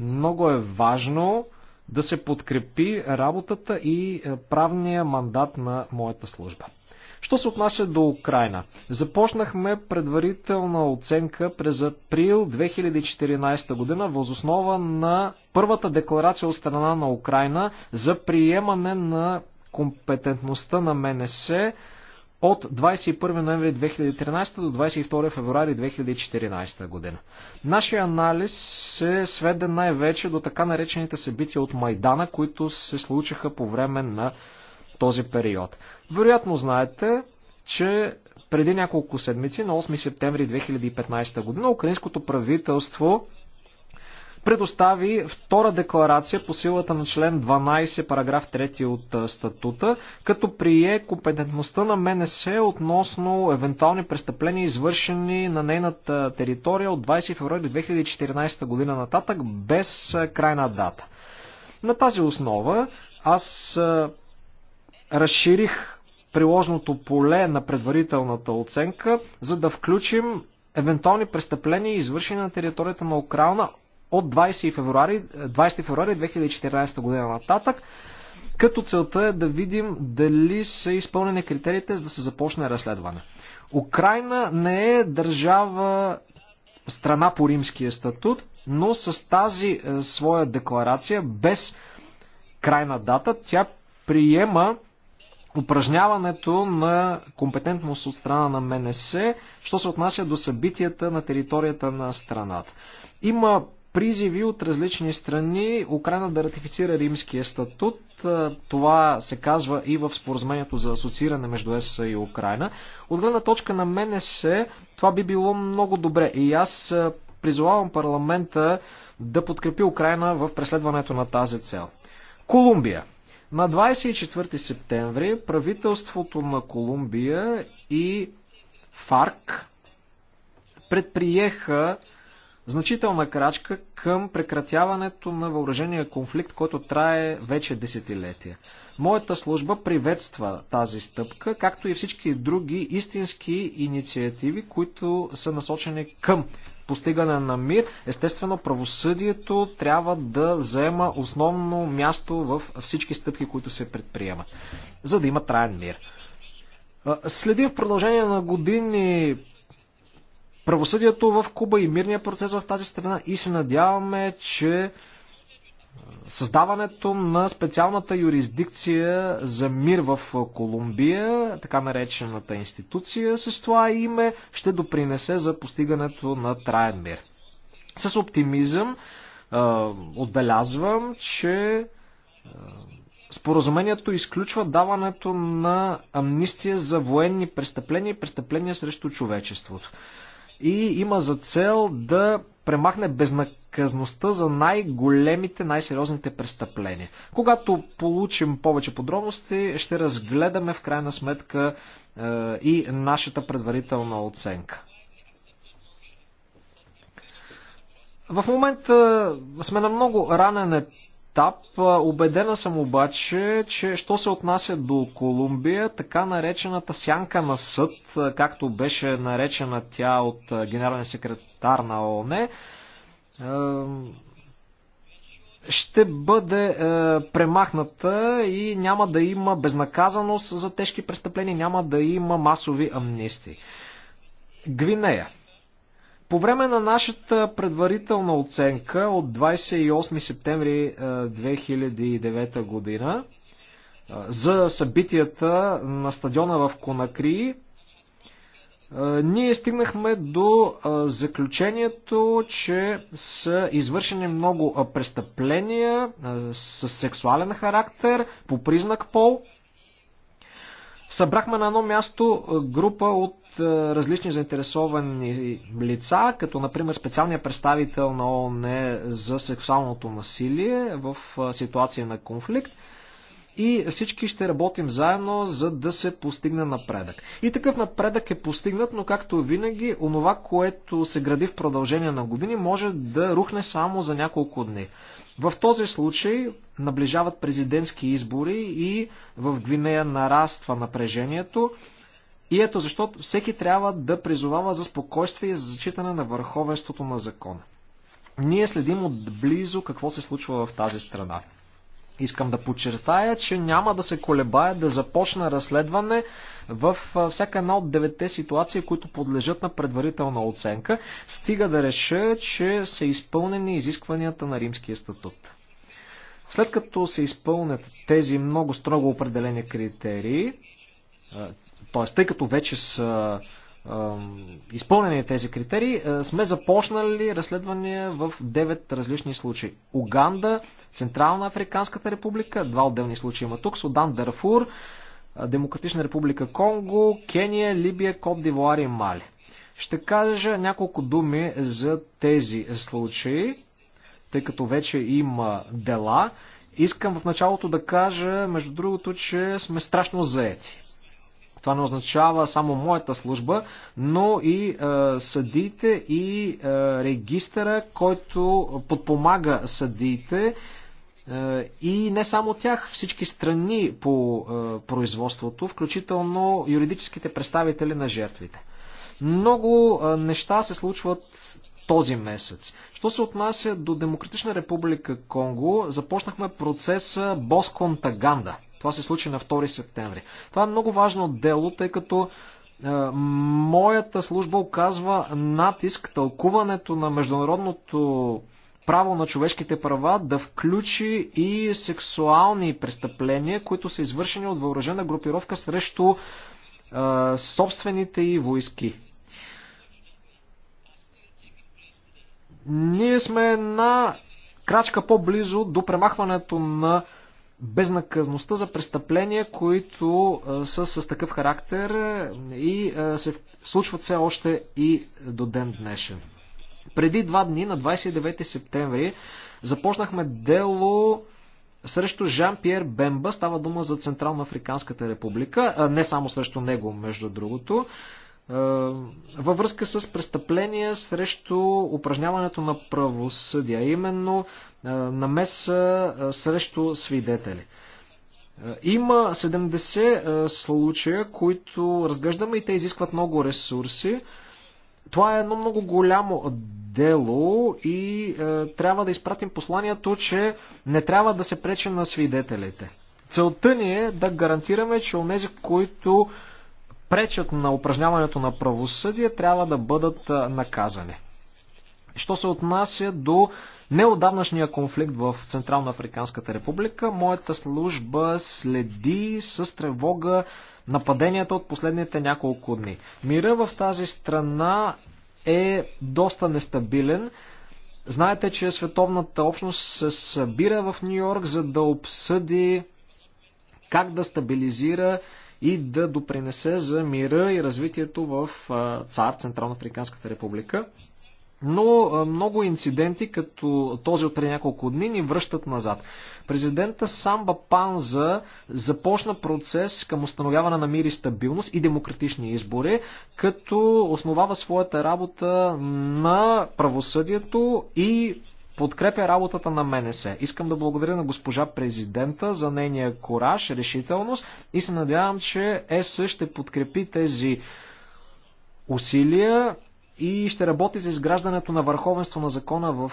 [SPEAKER 3] Много е важно да се подкрепи работата и е, правния мандат на моята служба. Що се отнася до Украина? Започнахме предварителна оценка през април 2014 година възоснова на първата декларация от страна на Украина за приемане на компетентността на МНС от 21 ноември 2013 до 22 февруари 2014 година. Нашия анализ се сведе най-вече до така наречените събития от Майдана, които се случиха по време на този период. Вероятно знаете, че преди няколко седмици, на 8 септември 2015 година, украинското правителство предостави втора декларация по силата на член 12, параграф 3 от статута, като прие компетентността на МНС относно евентуални престъпления, извършени на нейната територия от 20 февруари 2014 година нататък, без крайна дата. На тази основа аз разширих приложното поле на предварителната оценка, за да включим евентуални престъпления, извършени на територията на Украина от 20 февруари, 20 февруари 2014 година нататък, като целта е да видим дали са изпълнени критериите за да се започне разследване. Украина не е държава страна по римския статут, но с тази е, своя декларация, без крайна дата, тя приема упражняването на компетентност от страна на МНС, що се отнася до събитията на територията на страната. Има призиви от различни страни Украина да ратифицира римския статут. Това се казва и в споразумението за асоцииране между ЕС и Украина. От гледна точка на мене се, това би било много добре и аз призовавам парламента да подкрепи Украина в преследването на тази цел. Колумбия. На 24 септември правителството на Колумбия и ФАРК предприеха значителна крачка към прекратяването на въоръжения конфликт, който трае вече десетилетия. Моята служба приветства тази стъпка, както и всички други истински инициативи, които са насочени към постигане на мир. Естествено, правосъдието трябва да заема основно място в всички стъпки, които се предприемат, за да има траен мир. Следим в продължение на години правосъдието в Куба и мирния процес в тази страна и се надяваме, че създаването на специалната юрисдикция за мир в Колумбия, така наречената институция с това име, ще допринесе за постигането на траен мир. С оптимизъм отбелязвам, че споразумението изключва даването на амнистия за военни престъпления и престъпления срещу човечеството и има за цел да премахне безнаказността за най-големите, най-сериозните престъпления. Когато получим повече подробности, ще разгледаме в крайна сметка е, и нашата предварителна оценка. В момента е, сме на много ранен етап. Обедена съм обаче, че що се отнася до Колумбия, така наречената сянка на съд, както беше наречена тя от генерален секретар на ООН, ще бъде е, премахната и няма да има безнаказаност за тежки престъпления, няма да има масови амнистии. Гвинея. По време на нашата предварителна оценка от 28 септември 2009 година за събитията на стадиона в Конакри, ние стигнахме до заключението, че са извършени много престъпления с сексуален характер по признак пол Събрахме на едно място група от различни заинтересовани лица, като например специалния представител на ООН е за сексуалното насилие в ситуация на конфликт и всички ще работим заедно, за да се постигне напредък. И такъв напредък е постигнат, но както винаги, онова, което се гради в продължение на години, може да рухне само за няколко дни. В този случай наближават президентски избори и в Гвинея нараства напрежението. И ето защо всеки трябва да призовава за спокойствие и за зачитане на върховенството на закона. Ние следим отблизо какво се случва в тази страна. Искам да подчертая, че няма да се колебая да започна разследване в всяка една от девете ситуации, които подлежат на предварителна оценка, стига да реша, че са изпълнени изискванията на римския статут. След като се изпълнят тези много строго определени критерии, т.е. тъй като вече са изпълнени тези критерии, сме започнали разследвания в 9 различни случаи. Уганда, Централна Африканската република, два отделни случаи има тук, Судан, Дарфур, Демократична република Конго, Кения, Либия, Кот Дивуар и Мали. Ще кажа няколко думи за тези случаи, тъй като вече има дела. Искам в началото да кажа, между другото, че сме страшно заети. Това не означава само моята служба, но и е, съдиите и е, регистъра, който подпомага съдиите, е, и не само тях, всички страни по е, производството, включително юридическите представители на жертвите. Много е, неща се случват този месец. Що се отнася до Демократична република Конго, започнахме процеса Босконтаганда. Това се случи на 2 септември. Това е много важно дело, тъй като е, моята служба оказва натиск тълкуването на международното право на човешките права да включи и сексуални престъпления, които са извършени от въоръжена групировка срещу е, собствените и войски. Ние сме на крачка по-близо до премахването на безнаказността за престъпления, които а, са с такъв характер и а, се случват все още и до ден днешен. Преди два дни, на 29 септември, започнахме дело срещу Жан-Пьер Бемба. Става дума за Централно Африканската република. Не само срещу него, между другото е, във връзка с престъпления срещу упражняването на правосъдие, именно е, намеса е, срещу свидетели. Има 70 случая, които разглеждаме и те изискват много ресурси. Това е едно много голямо дело и е, трябва да изпратим посланието, че не трябва да се пречи на свидетелите. Целта ни е да гарантираме, че онези, които пречат на упражняването на правосъдие, трябва да бъдат е, наказани. Що се отнася до неодавнашния конфликт в Централно Африканската република, моята служба следи с тревога нападенията от последните няколко дни. Мира в тази страна е доста нестабилен. Знаете, че световната общност се събира в Нью Йорк, за да обсъди как да стабилизира и да допринесе за мира и развитието в ЦАР, Централно Африканската република. Но много инциденти, като този от преди няколко дни, ни връщат назад. Президента Самба Панза започна процес към установяване на мир и стабилност и демократични избори, като основава своята работа на правосъдието и подкрепя работата на МНС. Искам да благодаря на госпожа президента за нейния кораж, решителност и се надявам, че ЕС ще подкрепи тези усилия и ще работи за изграждането на върховенство на закона в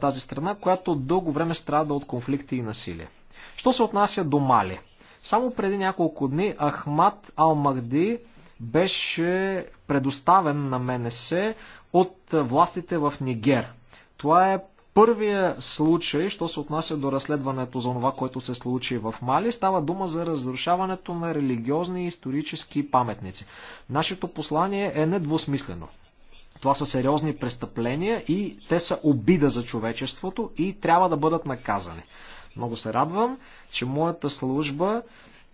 [SPEAKER 3] тази страна, която дълго време страда от конфликти и насилие. Що се отнася до Мали? Само преди няколко дни Ахмад махди беше предоставен на МНС от властите в Нигер. Това е първия случай, що се отнася до разследването за това, което се случи в Мали, става дума за разрушаването на религиозни и исторически паметници. Нашето послание е недвусмислено. Това са сериозни престъпления и те са обида за човечеството и трябва да бъдат наказани. Много се радвам, че моята служба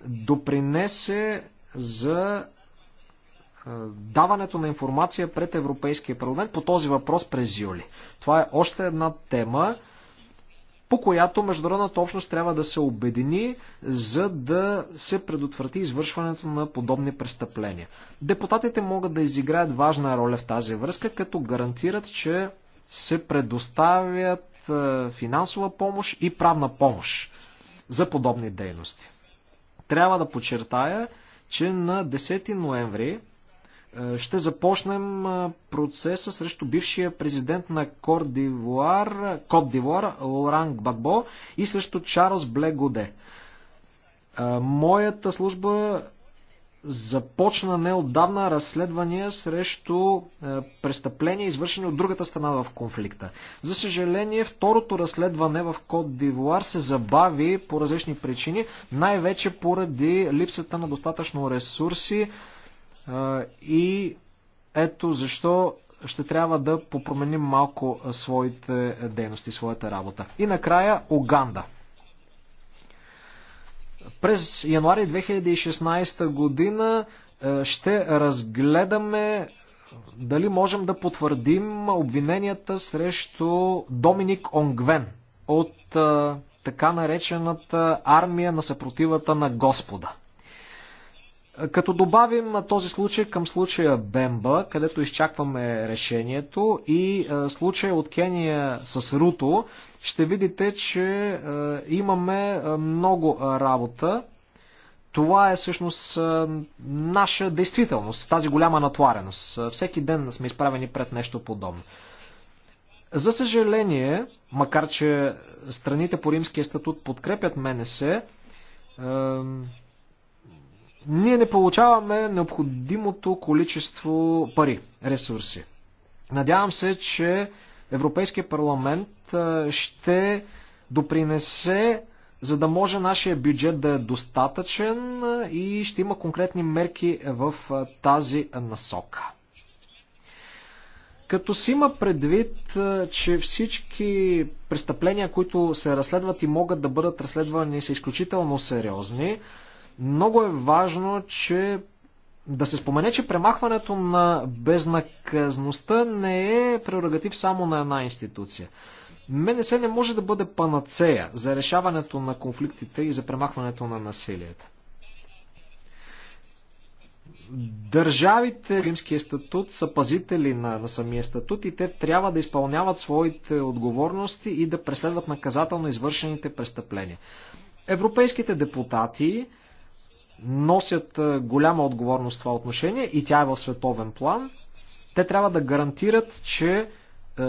[SPEAKER 3] допринесе за даването на информация пред Европейския парламент по този въпрос през юли. Това е още една тема, по която международната общност трябва да се обедини, за да се предотврати извършването на подобни престъпления. Депутатите могат да изиграят важна роля в тази връзка, като гарантират, че се предоставят е, финансова помощ и правна помощ за подобни дейности. Трябва да подчертая, че на 10 ноември е, ще започнем е, процеса срещу бившия президент на Кот Дивуар, Лоран Гбагбо и срещу Чарлз Блегоде. Е, моята служба започна неотдавна разследвания срещу престъпления, извършени от другата страна в конфликта. За съжаление, второто разследване в Кот Дивуар се забави по различни причини, най-вече поради липсата на достатъчно ресурси, и ето защо ще трябва да попроменим малко своите дейности, своята работа. И накрая Оганда. През януари 2016 година ще разгледаме дали можем да потвърдим обвиненията срещу Доминик Онгвен от така наречената армия на съпротивата на Господа. Като добавим този случай към случая Бемба, където изчакваме решението и е, случая от Кения с Руто, ще видите, че е, имаме е, много работа. Това е всъщност наша действителност, тази голяма натвареност. Всеки ден сме изправени пред нещо подобно. За съжаление, макар че страните по римския статут подкрепят МНС, ние не получаваме необходимото количество пари, ресурси. Надявам се, че Европейския парламент ще допринесе, за да може нашия бюджет да е достатъчен и ще има конкретни мерки в тази насока. Като си има предвид, че всички престъпления, които се разследват и могат да бъдат разследвани, са изключително сериозни, много е важно, че да се спомене, че премахването на безнаказността не е прерогатив само на една институция. МНС не може да бъде панацея за решаването на конфликтите и за премахването на насилието. Държавите Римския статут са пазители на, на самия статут и те трябва да изпълняват своите отговорности и да преследват наказателно извършените престъпления. Европейските депутати носят голяма отговорност в това отношение и тя е в световен план. Те трябва да гарантират, че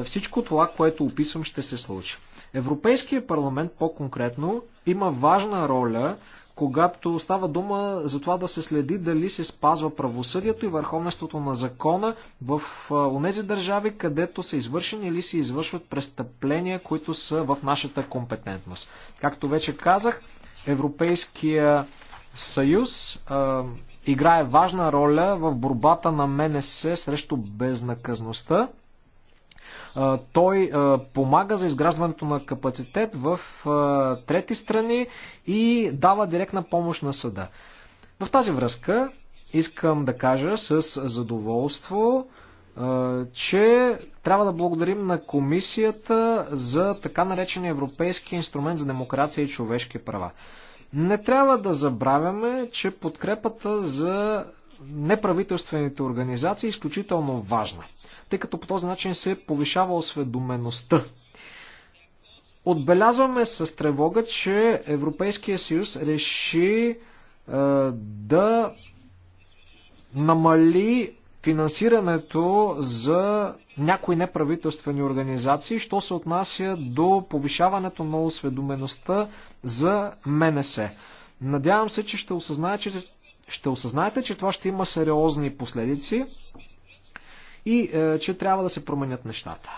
[SPEAKER 3] всичко това, което описвам, ще се случи. Европейския парламент по-конкретно има важна роля, когато става дума за това да се следи дали се спазва правосъдието и върховенството на закона в онези държави, където са извършени или се извършват престъпления, които са в нашата компетентност. Както вече казах, Европейския съюз а, играе важна роля в борбата на МНС срещу безнаказността. А, той а, помага за изграждането на капацитет в а, трети страни и дава директна помощ на съда. В тази връзка искам да кажа с задоволство, че трябва да благодарим на комисията за така наречения Европейски инструмент за демокрация и човешки права. Не трябва да забравяме, че подкрепата за неправителствените организации е изключително важна, тъй като по този начин се повишава осведомеността. Отбелязваме с тревога, че Европейския съюз реши е, да намали финансирането за някои неправителствени организации, що се отнася до повишаването на осведомеността за МНС. Надявам се, че ще, осъзнаете, че ще осъзнаете, че това ще има сериозни последици и е, че трябва да се променят нещата.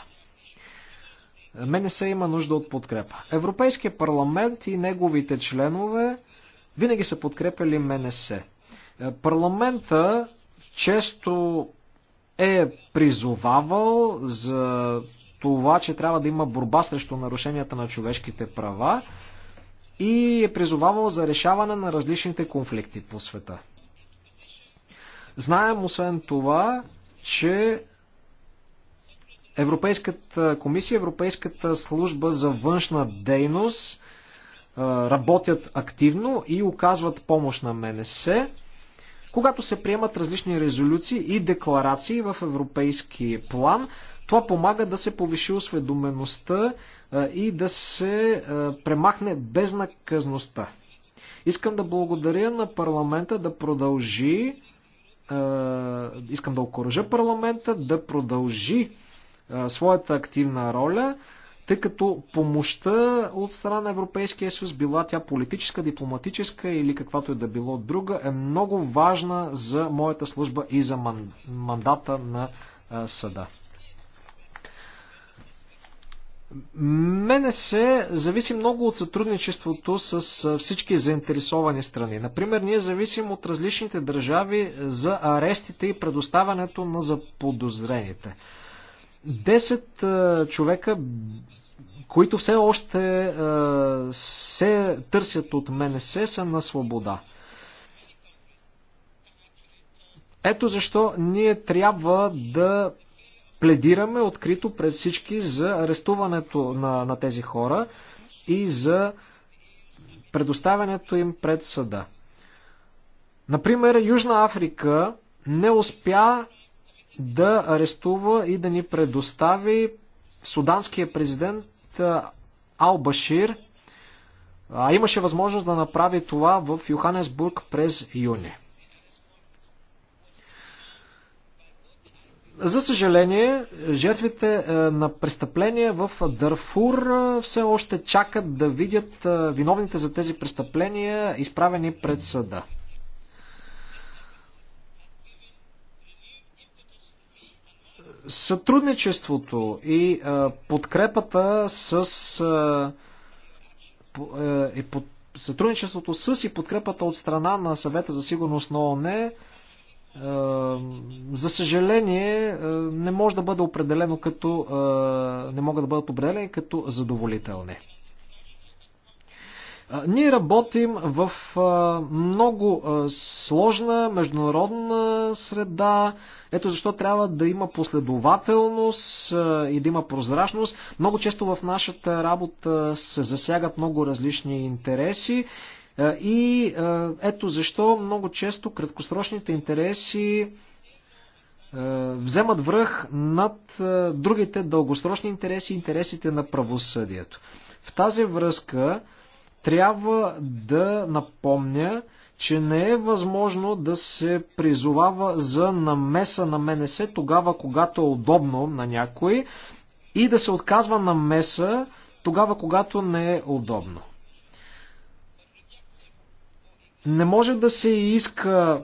[SPEAKER 3] МНС има нужда от подкрепа. Европейския парламент и неговите членове винаги са подкрепили МНС. Е, парламента често е призовавал за това, че трябва да има борба срещу нарушенията на човешките права и е призовавал за решаване на различните конфликти по света. Знаем освен това, че Европейската комисия, Европейската служба за външна дейност работят активно и оказват помощ на МНС. Когато се приемат различни резолюции и декларации в европейски план, това помага да се повиши осведомеността и да се премахне безнаказността. Искам да благодаря на парламента да продължи, искам да окоръжа парламента да продължи своята активна роля тъй като помощта от страна на Европейския съюз, била тя политическа, дипломатическа или каквато и е да било друга, е много важна за моята служба и за мандата на съда. Мене се зависи много от сътрудничеството с всички заинтересовани страни. Например, ние зависим от различните държави за арестите и предоставянето на заподозрените. 10 човека, които все още се търсят от МНС, са на свобода. Ето защо ние трябва да пледираме открито пред всички за арестуването на, на тези хора и за предоставянето им пред съда. Например, Южна Африка не успя да арестува и да ни предостави суданския президент Албашир, а имаше възможност да направи това в Йоханесбург през юни. За съжаление, жертвите на престъпления в Дарфур все още чакат да видят виновните за тези престъпления, изправени пред съда. сътрудничеството и а, подкрепата с а, по, а, е, и е, под, сътрудничеството с и подкрепата от страна на съвета за сигурност на ОНЕ за съжаление е, не може да бъде определено като не могат да бъдат определени като задоволителни. Ние работим в много сложна международна среда. Ето защо трябва да има последователност и да има прозрачност. Много често в нашата работа се засягат много различни интереси. И ето защо много често краткосрочните интереси вземат връх над другите дългосрочни интереси, интересите на правосъдието. В тази връзка трябва да напомня, че не е възможно да се призовава за намеса на МНС тогава, когато е удобно на някой и да се отказва намеса тогава, когато не е удобно. Не може да се иска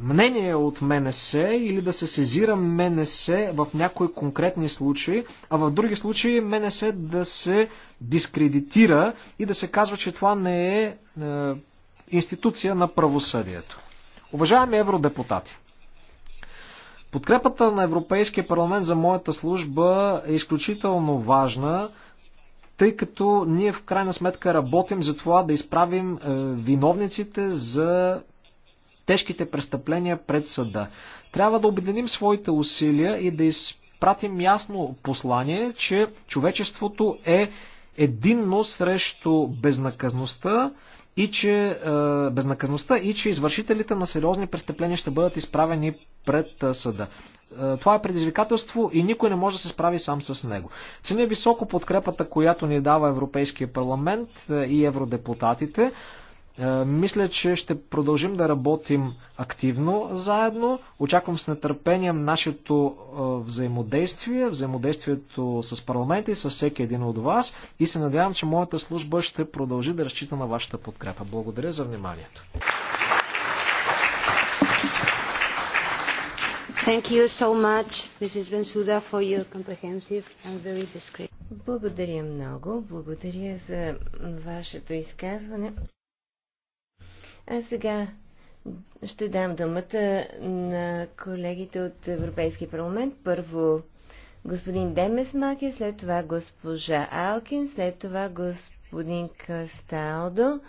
[SPEAKER 3] мнение от МНС или да се сезира МНС в някои конкретни случаи, а в други случаи МНС да се дискредитира и да се казва, че това не е, е институция на правосъдието. Уважаеми евродепутати, подкрепата на Европейския парламент за моята служба е изключително важна, тъй като ние в крайна сметка работим за това да изправим е, виновниците за тежките престъпления пред съда. Трябва да обединим своите усилия и да изпратим ясно послание, че човечеството е единно срещу безнаказността и че е, безнаказността и че извършителите на сериозни престъпления ще бъдат изправени пред е, съда. Е, това е предизвикателство и никой не може да се справи сам с него. Ценя високо подкрепата, която ни дава Европейския парламент е, и евродепутатите. Е, мисля, че ще продължим да работим активно заедно. Очаквам с нетърпение нашето е, взаимодействие, взаимодействието с парламента и с всеки един от вас и се надявам, че моята служба ще продължи да разчита на вашата подкрепа. Благодаря за вниманието.
[SPEAKER 1] Thank you so much, Mrs. Bensuda, for your comprehensive and very discreet. Благодаря много. Благодаря за вашето изказване. А сега ще дам думата на колегите от Европейския парламент. Първо господин Демесмаке, след това госпожа Алкин, след това господин Касталдо.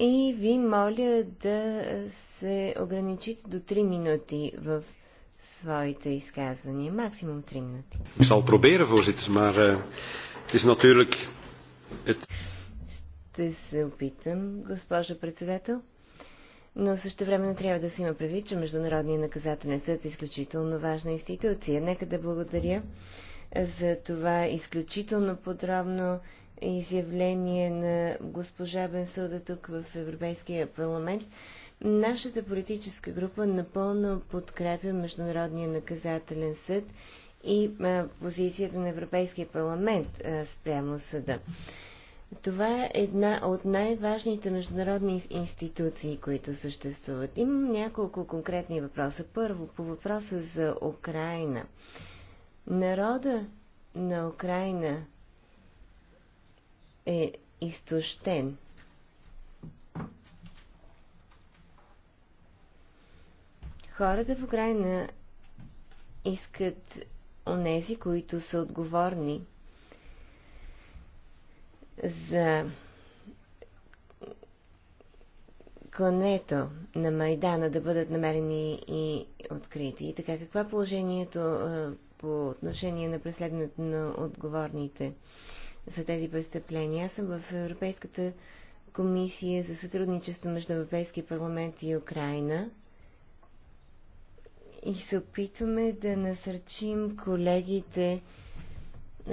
[SPEAKER 1] И ви моля да се ограничите до 3 минути в своите изказвания. Максимум 3 минути.
[SPEAKER 3] Ik zal proberen, voorzitter, maar eh, het is natuurlijk...
[SPEAKER 1] Ще се опитам, госпожа председател. Но също времено трябва да се има предвид, че Международният наказателен съд е изключително важна институция. Нека да благодаря за това изключително подробно изявление на госпожа Бенсуда тук в Европейския парламент. Нашата политическа група напълно подкрепя Международния наказателен съд и позицията на Европейския парламент спрямо съда. Това е една от най-важните международни институции, които съществуват. Имам няколко конкретни въпроса. Първо, по въпроса за Украина. Народа на Украина е изтощен. Хората в Украина искат онези, които са отговорни – за клането на Майдана да бъдат намерени и открити. И така, какво е положението по отношение на преследването на отговорните за тези престъпления? Аз съм в Европейската комисия за сътрудничество между Европейския парламент и Украина и се опитваме да насърчим колегите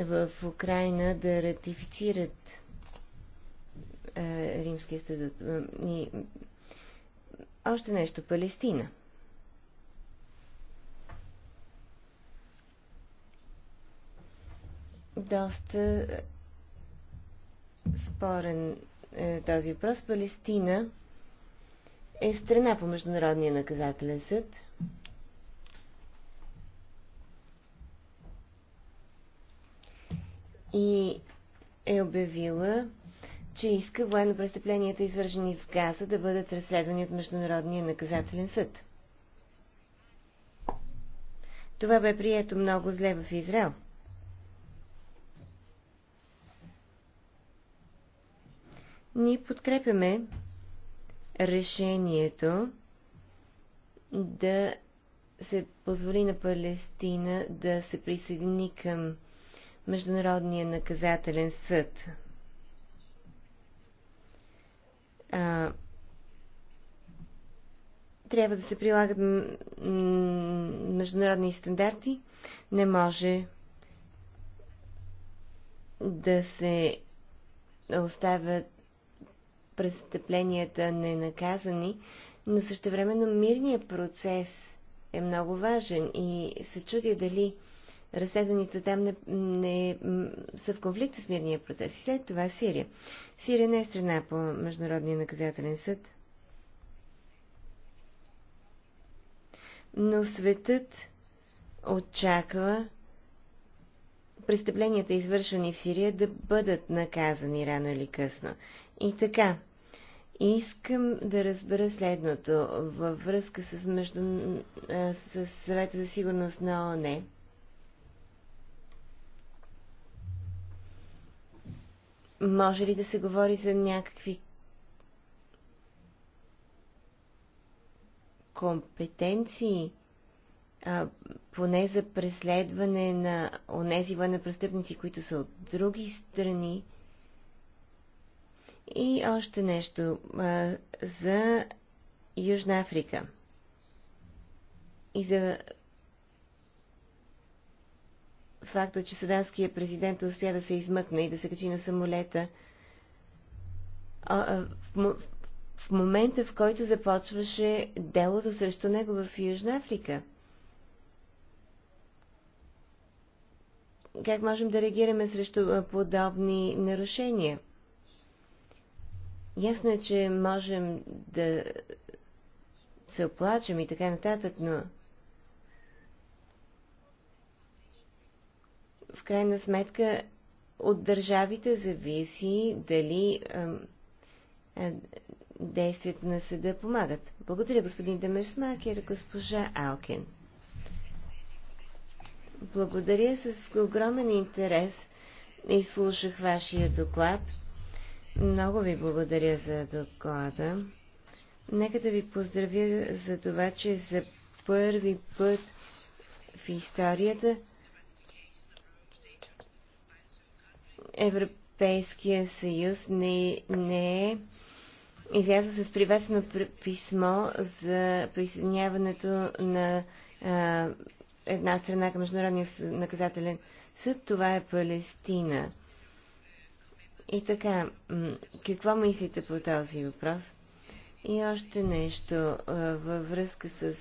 [SPEAKER 1] в Украина да ратифицират е, Римския статут. Е, и още нещо. Палестина. Доста е, спорен е този въпрос. Палестина е страна по Международния наказателен съд – и е обявила, че иска военно престъпленията, извържени в Газа, да бъдат разследвани от Международния наказателен съд. Това бе прието много зле в Израел. Ние подкрепяме решението да се позволи на Палестина да се присъедини към Международния наказателен съд. А, трябва да се прилагат международни стандарти. Не може да се оставят престъпленията ненаказани, но същевременно мирният процес е много важен и се чудя дали Разследваните там не, не са в конфликт с мирния процес. И след това Сирия. Сирия не е страна по Международния наказателен съд. Но светът очаква престъпленията, извършвани в Сирия, да бъдат наказани рано или късно. И така, искам да разбера следното във връзка с, между... с Съвета за сигурност на ОНЕ. Може ли да се говори за някакви компетенции, а, поне за преследване на онези престъпници, които са от други страни? И още нещо а, за Южна Африка и за факта, че суданският президент успя да се измъкне и да се качи на самолета в момента, в който започваше делото срещу него в Южна Африка. Как можем да реагираме срещу подобни нарушения? Ясно е, че можем да се оплачем и така нататък, но в крайна сметка от държавите зависи дали действията на съда помагат. Благодаря, господин Демерсмакер, госпожа Алкен. Благодаря с огромен интерес и слушах вашия доклад. Много ви благодаря за доклада. Нека да ви поздравя за това, че за първи път в историята Европейския съюз не, не е излязъл с приветствено писмо за присъединяването на а, една страна към Международния наказателен съд. Това е Палестина. И така, какво мислите по този въпрос? И още нещо във връзка с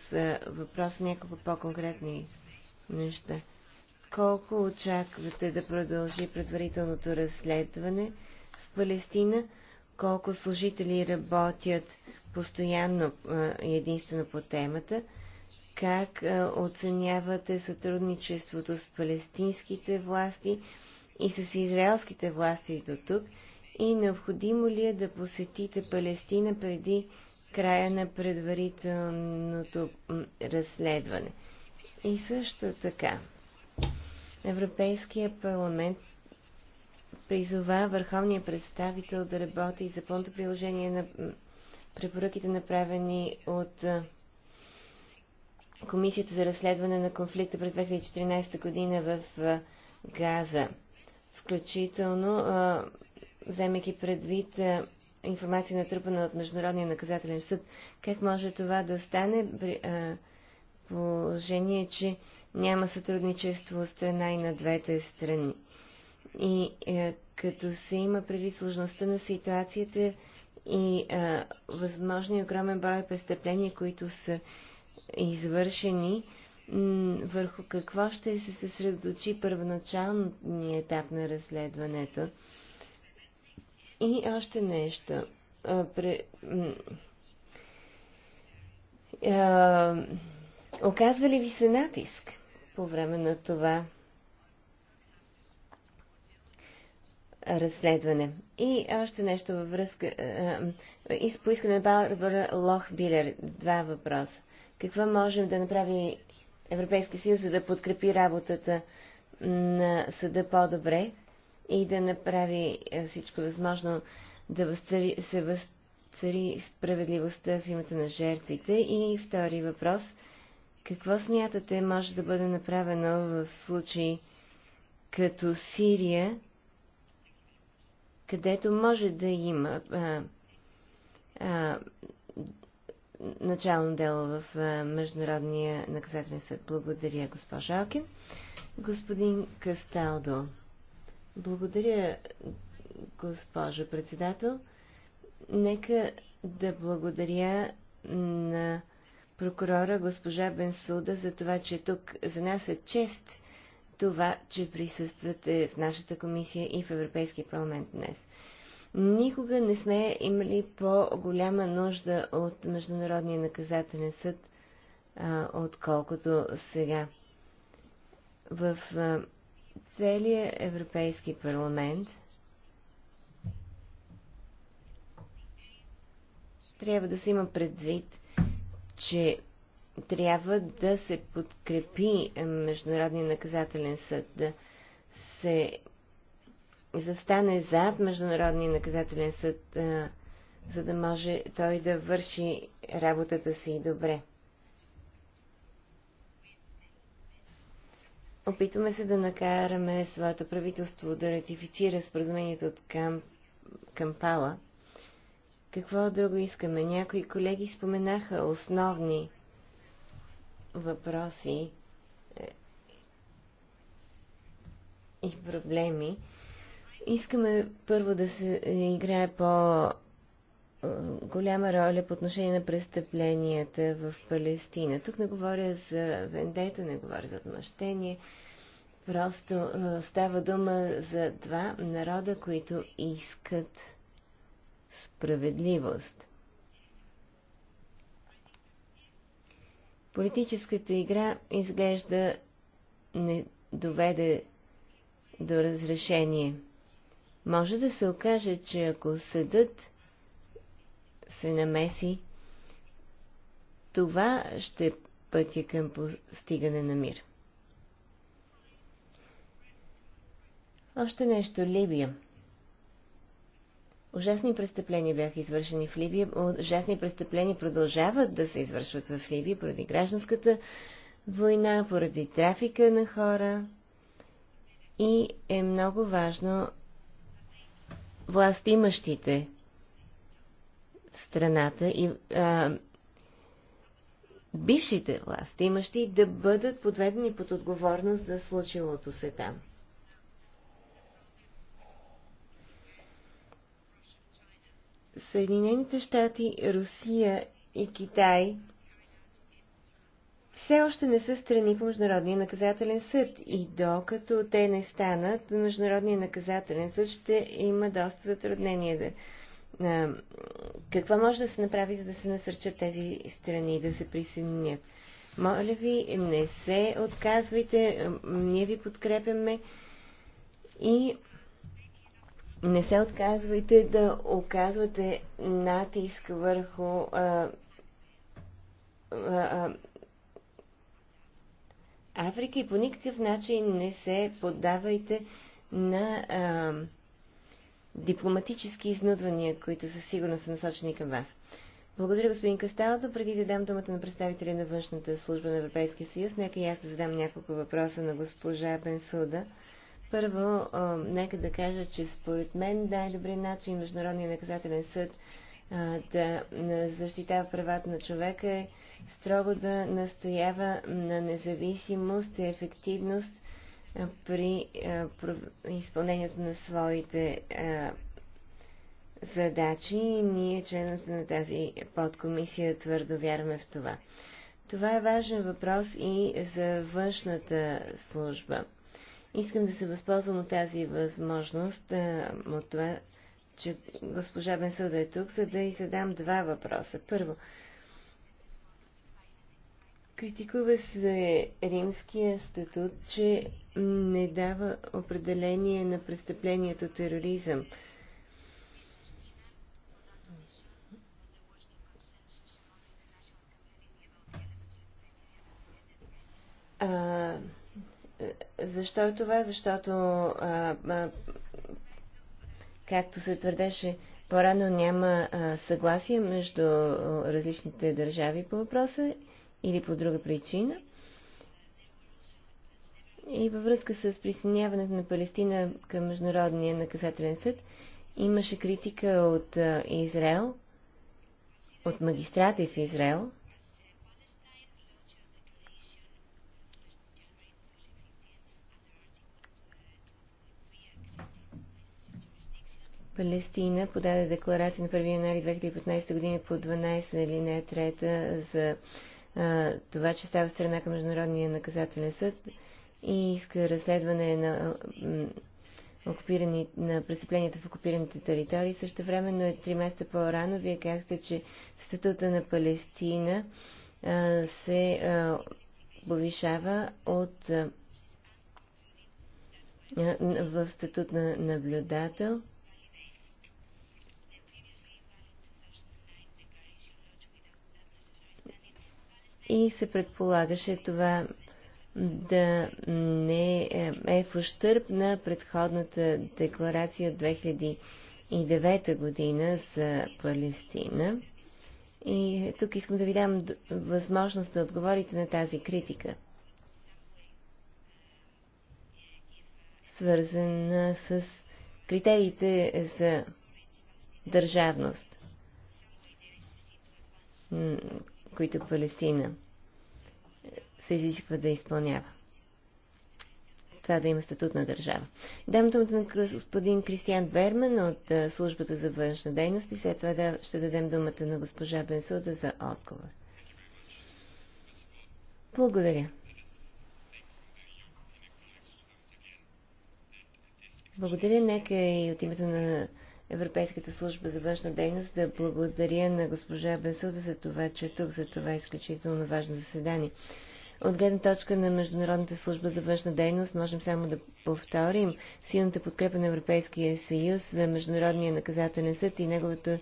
[SPEAKER 1] въпроса, няколко по-конкретни неща колко очаквате да продължи предварителното разследване в Палестина, колко служители работят постоянно единствено по темата, как оценявате сътрудничеството с палестинските власти и с израелските власти до тук и необходимо ли е да посетите Палестина преди края на предварителното разследване. И също така, Европейския парламент призова върховния представител да работи за пълното приложение на препоръките направени от Комисията за разследване на конфликта през 2014 година в Газа, включително вземайки предвид информация натрупана от Международния наказателен съд. Как може това да стане положение, че няма сътрудничество от страна и на двете страни. И е, като се има предвид сложността на ситуацията и е, възможни огромен брой престъпления, които са извършени, върху какво ще се съсредоточи първоначалният етап на разследването. И още нещо. Е, пре... Е, оказва ли ви се натиск? по време на това разследване. И още нещо във връзка е, е, и с поискане на Барбара Лохбилер. Два въпроса. Какво можем да направи Европейския съюз, за да подкрепи работата на съда по-добре и да направи е, всичко възможно да възцари, се възцари справедливостта в името на жертвите? И втори въпрос – какво смятате може да бъде направено в случаи като Сирия, където може да има а, а, начално дело в а, Международния наказателен съд. Благодаря, госпожа Алкин. Господин Касталдо, благодаря, госпожа председател. Нека да благодаря на прокурора госпожа Бенсуда за това, че е тук за нас е чест това, че присъствате в нашата комисия и в Европейския парламент днес. Никога не сме имали по-голяма нужда от Международния наказателен съд, а, отколкото сега. В а, целия Европейски парламент трябва да се има предвид, че трябва да се подкрепи е, Международния наказателен съд, да се застане зад Международния наказателен съд, е, за да може той да върши работата си добре. Опитваме се да накараме своето правителство да ратифицира споразумението от Кам... Кампала, какво друго искаме? Някои колеги споменаха основни въпроси е, и проблеми. Искаме първо да се играе по е, голяма роля по отношение на престъпленията в Палестина. Тук не говоря за вендета, не говоря за отмъщение. Просто е, става дума за два народа, които искат справедливост. Политическата игра изглежда не доведе до разрешение. Може да се окаже, че ако съдът се намеси, това ще пътя към постигане на мир. Още нещо Либия. Ужасни престъпления бяха извършени в Либия, ужасни престъпления продължават да се извършват в Либия поради гражданската война, поради трафика на хора. И е много важно властимащите страната и а, бившите власти имащи да бъдат подведени под отговорност за случилото се там. Съединените щати, Русия и Китай все още не са страни по Международния наказателен съд и докато те не станат, Международния наказателен съд ще има доста затруднения да какво може да се направи, за да се насърчат тези страни и да се присъединят? Моля ви, не се отказвайте, ние ви подкрепяме и не се отказвайте да оказвате натиск върху а, а, Африка и по никакъв начин не се поддавайте на а, дипломатически изнудвания, които със сигурност са насочени към вас. Благодаря, господин Касталото, Преди да дам думата на представители на външната служба на Европейския съюз, нека и аз да задам няколко въпроса на госпожа Бенсуда. Първо, а, нека да кажа, че според мен най-добрият начин Международния наказателен съд а, да защитава правата на човека е строго да настоява на независимост и ефективност а, при а, изпълнението на своите а, задачи. Ние, членовете на тази подкомисия, твърдо вярваме в това. Това е важен въпрос и за външната служба – Искам да се възползвам от тази възможност, от това, че госпожа Бенсуда е тук, за да й задам два въпроса. Първо, критикува се римския статут, че не дава определение на престъплението тероризъм. А, защо е това? Защото, а, а, както се твърдеше, по-рано няма а, съгласие между различните държави по въпроса или по друга причина. И във връзка с присъединяването на Палестина към Международния наказателен съд имаше критика от а, Израел, от магистрати в Израел, Палестина подаде декларация на 1 януари 2015 година по 12 или не 3 за а, това, че става страна към Международния наказателен съд и иска разследване на, окупирани, на престъпленията в окупираните територии. Също време, но е 3 месеца по-рано, вие казахте, че статута на Палестина а, се а, повишава от а, в статут на наблюдател. и се предполагаше това да не е, е в ущърп на предходната декларация от 2009 година за Палестина. И тук искам да ви дам възможност да отговорите на тази критика, свързана с критериите за държавност, които Палестина се изисква да изпълнява. Това да има статут на държава. Дам думата на господин Кристиан Берман от Службата за външна дейност и след това да, ще дадем думата на госпожа Бенсуда за отговор. Благодаря. Благодаря. Нека и от името на Европейската служба за външна дейност, да благодаря на госпожа Бенсуда за това, че е тук, за това изключително важно заседание. От гледна точка на Международната служба за външна дейност можем само да повторим силната подкрепа на Европейския съюз за Международния наказателен съд и неговото е,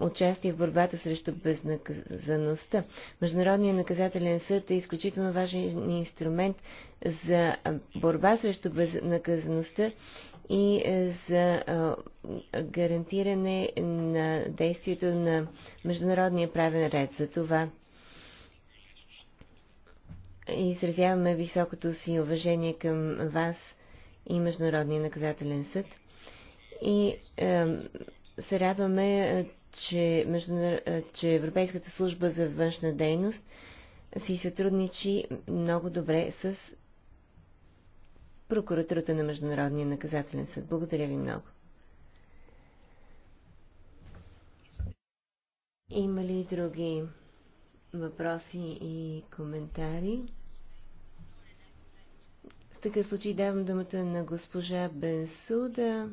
[SPEAKER 1] участие в борбата срещу безнаказаността. Международният наказателен съд е изключително важен инструмент за борба срещу безнаказаността и е, за гарантиране на действието на международния правен ред. За това изразяваме високото си уважение към вас и Международния наказателен съд. И е, се радваме, е, че, междунар... Е, че Европейската служба за външна дейност си сътрудничи много добре с прокуратурата на Международния наказателен съд. Благодаря ви много. Има ли други въпроси и коментари? В такъв случай давам думата на госпожа Бенсуда.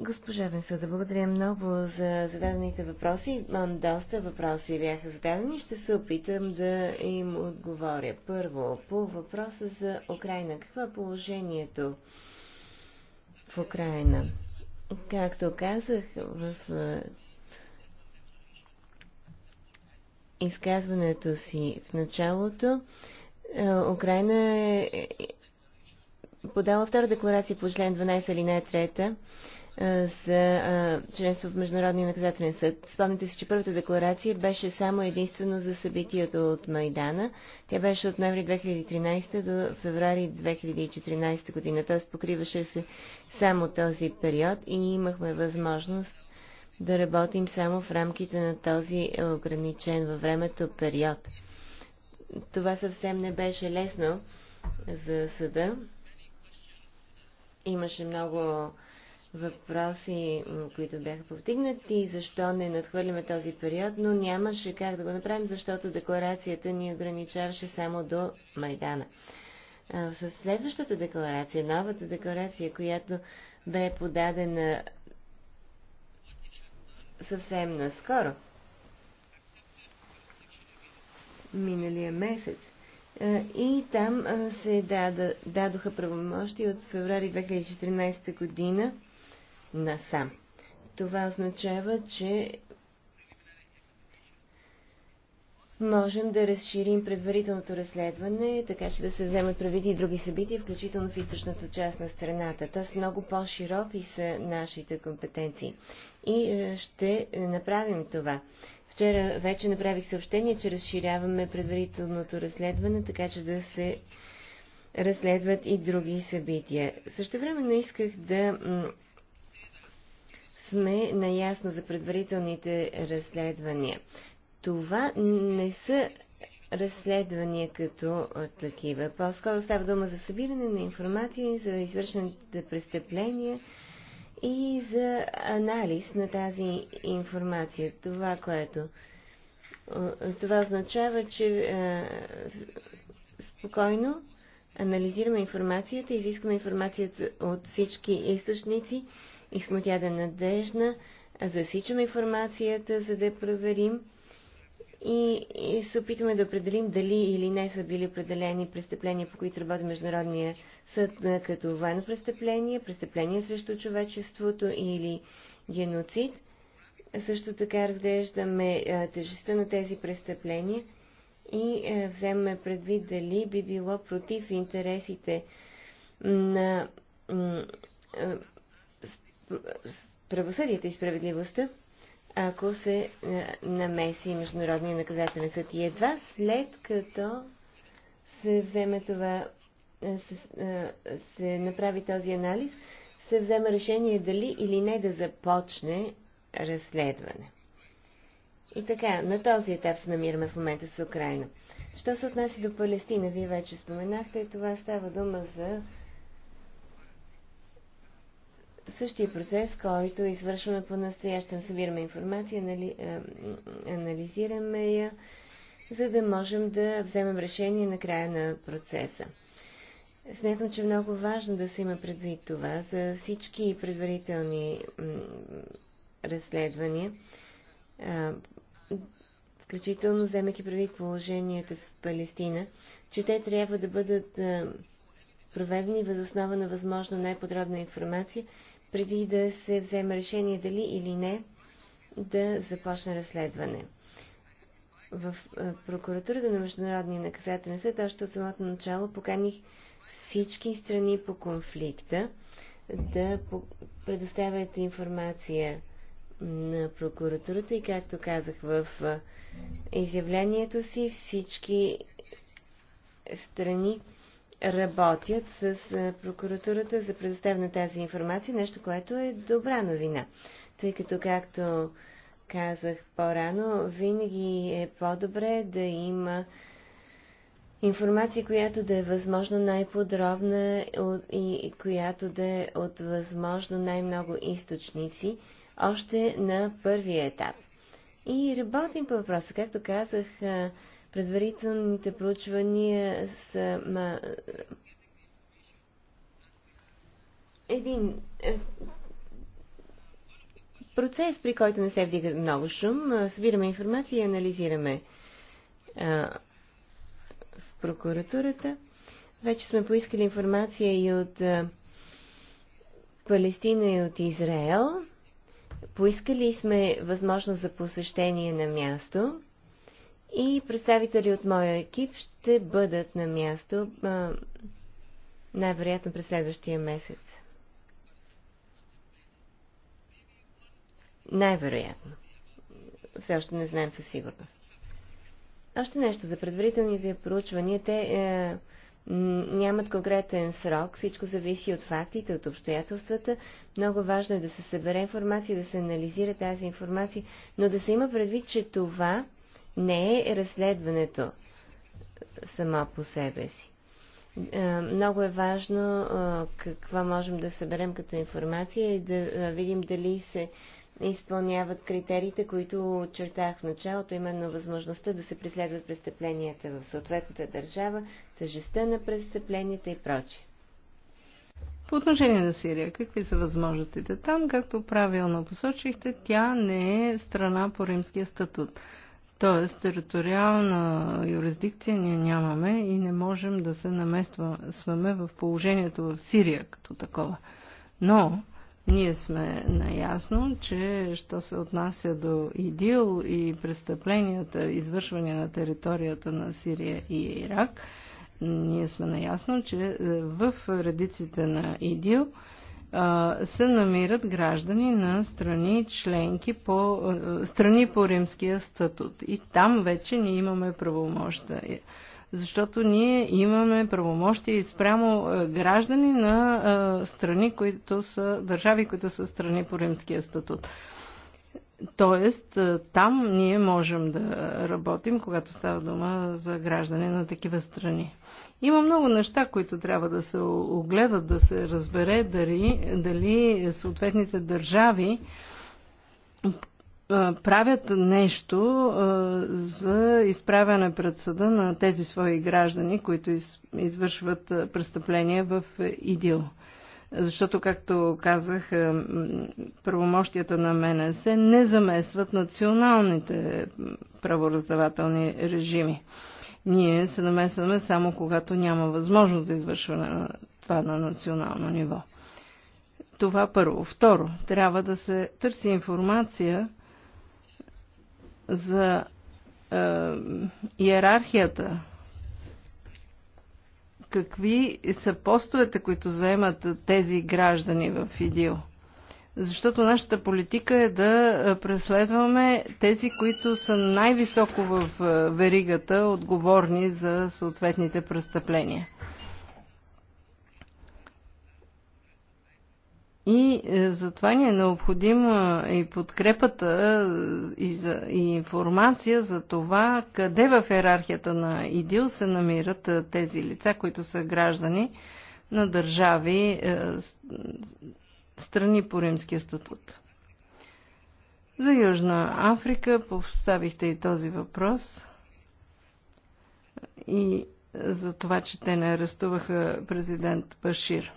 [SPEAKER 1] Госпожа Венсуда, благодаря много за зададените въпроси. Доста въпроси бяха зададени. Ще се опитам да им отговоря. Първо, по въпроса за Украина. Какво е положението в Украина? Както казах в изказването си в началото, Украина е, е подала втора декларация по член 12 алинея 3 за членство в Международния наказателен съд. Спомните си, че първата декларация беше само единствено за събитието от Майдана. Тя беше от ноември 2013 до феврари 2014 година, т.е. покриваше се само този период и имахме възможност да работим само в рамките на този ограничен във времето период. Това съвсем не беше лесно за съда. Имаше много въпроси, които бяха повдигнати, защо не надхвърляме този период, но нямаше как да го направим, защото декларацията ни ограничаваше само до Майдана. С следващата декларация, новата декларация, която бе подадена съвсем наскоро, миналия месец, и там се дадоха правомощи от феврари 2014 година насам. Това означава, че можем да разширим предварителното разследване, така че да се вземат правити и други събития, включително в източната част на страната. Т.е. много по-широки са нашите компетенции. И е, ще направим това. Вчера вече направих съобщение, че разширяваме предварителното разследване, така че да се разследват и други събития. Също времено исках да сме наясно за предварителните разследвания. Това не са разследвания като такива. По-скоро става дума за събиране на информация за извършените престъпления и за анализ на тази информация. Това, което. Това означава, че е, спокойно анализираме информацията, изискаме информацията от всички източници искаме тя да е надежна, засичаме информацията, за да я проверим и, и се опитваме да определим дали или не са били определени престъпления, по които работи Международния съд, е, като военно престъпление, престъпление срещу човечеството или геноцид. Също така разглеждаме е, тежестта на тези престъпления и е, вземаме предвид дали би било против интересите на правосъдието и справедливостта, ако се е, намеси Международния наказателен съд. И едва след като се вземе това, е, се, е, се направи този анализ, се взема решение дали или не да започне разследване. И така, на този етап се намираме в момента с Украина. Що се отнася до Палестина, вие вече споменахте, това става дума за същия процес, който извършваме по-настоящем. Събираме информация, анали... Е, анализираме я, за да можем да вземем решение на края на процеса. Смятам, че е много важно да се има предвид това за всички предварителни разследвания, включително вземайки предвид положението в Палестина, че те трябва да бъдат е, проведени въз основа на възможно най-подробна информация преди да се вземе решение дали или не да започне разследване. В е, прокуратурата на Международния наказателен съд още от самото начало поканих всички страни по конфликта да предоставят информация на прокуратурата и както казах в е, изявлението си, всички страни работят с прокуратурата за предоставяне на тази информация, нещо, което е добра новина. Тъй като, както казах по-рано, винаги е по-добре да има информация, която да е възможно най-подробна и която да е от възможно най-много източници, още на първия етап. И работим по въпроса. Както казах, Предварителните проучвания са ма, един е, процес, при който не се вдига много шум. Събираме информация и анализираме е, в прокуратурата. Вече сме поискали информация и от е, Палестина и от Израел. Поискали сме възможност за посещение на място и представители от моя екип ще бъдат на място най-вероятно през следващия месец. Най-вероятно. Все още не знаем със сигурност. Още нещо за предварителните проучвания. Те е, нямат конкретен срок. Всичко зависи от фактите, от обстоятелствата. Много важно е да се събере информация, да се анализира тази информация, но да се има предвид, че това не е разследването само по себе си. Е, много е важно е, каква можем да съберем като информация и да е, видим дали се изпълняват критериите, които очертах в началото, именно възможността да се преследват престъпленията в съответната държава, тъжестта на престъпленията и прочие.
[SPEAKER 2] По отношение на Сирия, какви са възможностите там? Както правилно посочихте, тя не е страна по римския статут. Тоест, териториална юрисдикция ние нямаме и не можем да се наместваме в положението в Сирия като такова. Но ние сме наясно, че що се отнася до ИДИЛ и престъпленията, извършване на територията на Сирия и Ирак, ние сме наясно, че е, в редиците на ИДИЛ се намират граждани на страни членки по, страни по римския статут. И там вече ние имаме правомощта. Защото ние имаме правомощи и спрямо граждани на страни, които са държави, които са страни по римския статут. Тоест, там ние можем да работим, когато става дума за граждани на такива страни. Има много неща, които трябва да се огледат, да се разбере дали, дали съответните държави правят нещо за изправяне пред съда на тези свои граждани, които извършват престъпления в ИДИЛ. Защото, както казах, правомощията на МНС не заместват националните правораздавателни режими. Ние се намесваме само когато няма възможност за извършване на това на национално ниво. Това първо. Второ, трябва да се търси информация за е, иерархията. Какви са постовете, които заемат тези граждани в ИДИО? защото нашата политика е да преследваме тези, които са най-високо в веригата, отговорни за съответните престъпления. И е, затова ни е необходима и подкрепата и, за, и информация за това къде в иерархията на ИДИЛ се намират тези лица, които са граждани на държави е, страни по римския статут. За Южна Африка поставихте и този въпрос и за това, че те не арестуваха президент Башир.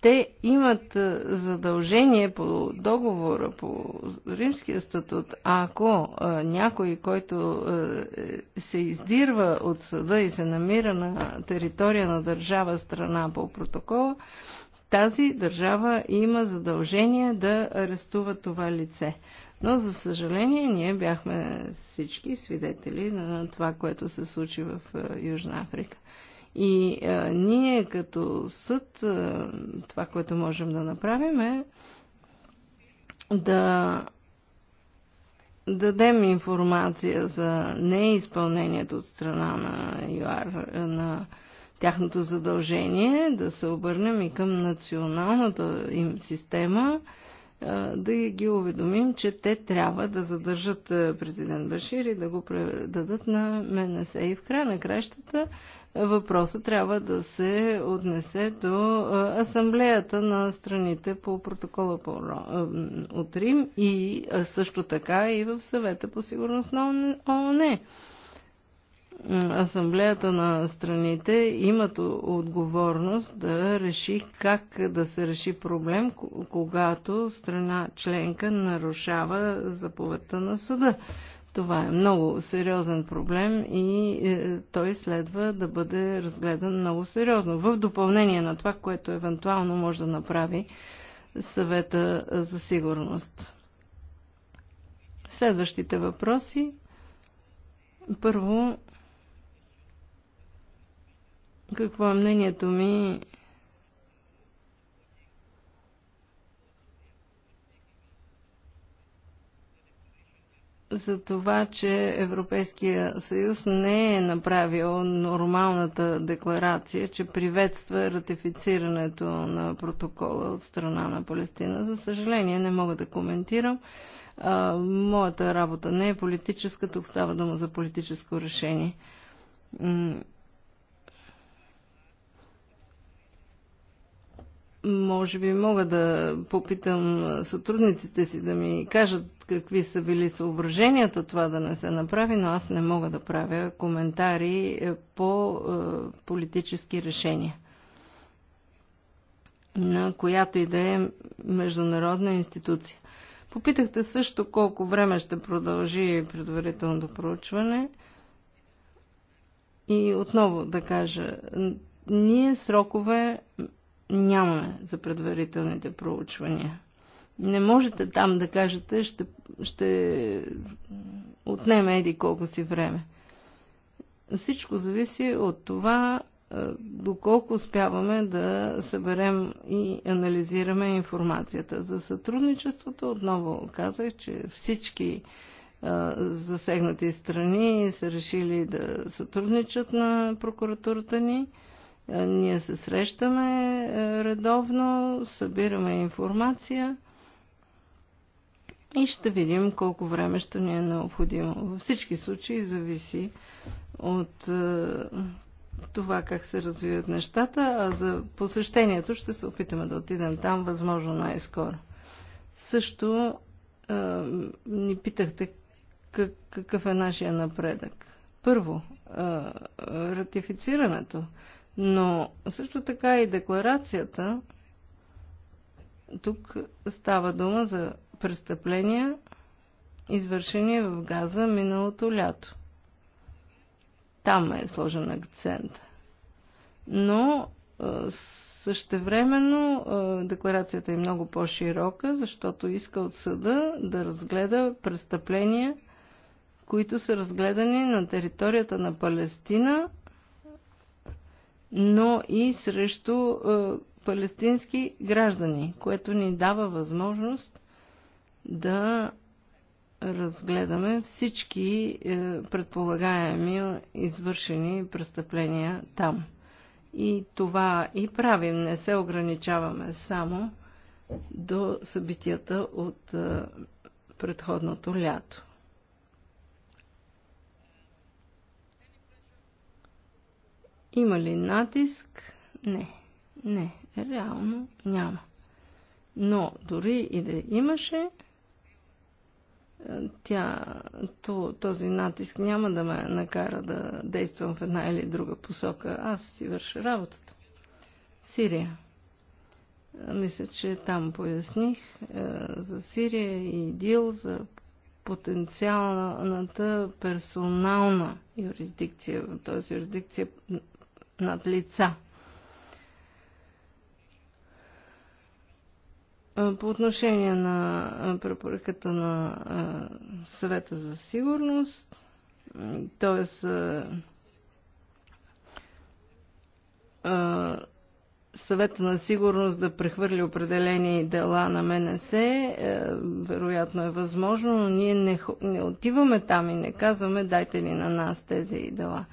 [SPEAKER 2] Те имат задължение по договора, по римския статут, а ако някой, който е, се издирва от съда и се намира на територия на държава страна по протокола, тази държава има задължение да арестува това лице. Но, за съжаление, ние бяхме всички свидетели на това, което се случи в е, Южна Африка. И а, е, ние като съд, а, е, това, което можем да направим е да дадем информация за неизпълнението от страна на ЮАР на тяхното задължение да се обърнем и към националната им система, да ги уведомим, че те трябва да задържат президент Башир и да го предадат на МНС. И в края на кращата въпросът трябва да се отнесе до асамблеята на страните по протокола от Рим и също така и в съвета по сигурност на ООН. Е. Асамблеята на страните имат отговорност да реши как да се реши проблем, когато страна членка нарушава заповедта на съда. Това е много сериозен проблем и е, той следва да бъде разгледан много сериозно. В допълнение на това, което евентуално може да направи съвета за сигурност. Следващите въпроси. Първо, какво е мнението ми? за това, че Европейския съюз не е направил нормалната декларация, че приветства ратифицирането на протокола от страна на Палестина. За съжаление, не мога да коментирам. А, моята работа не е политическа, тук става дума за политическо решение. Може би мога да попитам сътрудниците си да ми кажат какви са били съображенията това да не се направи, но аз не мога да правя коментари е, по е, политически решения на която и да е международна институция. Попитахте също колко време ще продължи предварителното проучване. И отново да кажа, ние срокове нямаме за предварителните проучвания. Не можете там да кажете, ще, ще отнеме еди колко си време. Всичко зависи от това, доколко успяваме да съберем и анализираме информацията. За сътрудничеството отново казах, че всички засегнати страни са решили да сътрудничат на прокуратурата ни. Е, ние се срещаме е, редовно, събираме информация и ще видим колко време ще ни е необходимо. Във всички случаи зависи от е, това как се развиват нещата, а за посещението ще се опитаме да отидем там възможно най-скоро. Също е, ни питахте как, какъв е нашия напредък. Първо, е, ратифицирането. Но също така и декларацията, тук става дума за престъпления, извършени в Газа миналото лято. Там е сложен акцент. Но същевременно декларацията е много по-широка, защото иска от съда да разгледа престъпления, които са разгледани на територията на Палестина но и срещу е, палестински граждани, което ни дава възможност да разгледаме всички е, предполагаеми извършени престъпления там. И това и правим, не се ограничаваме само до събитията от е, предходното лято. Има ли натиск? Не. Не, реално няма. Но дори и да имаше, е, тя, то, този натиск няма да ме накара да действам в една или друга посока. Аз си върша работата. Сирия. Е, мисля, че там поясних е, за Сирия и Дил, за потенциалната персонална юрисдикция, т.е. юрисдикция над лица. По отношение на препоръката на съвета за сигурност, т.е. съвета на сигурност да прехвърли определени дела на МНС, е, вероятно е възможно, но ние не, отиваме там и не казваме дайте ли на нас тези дела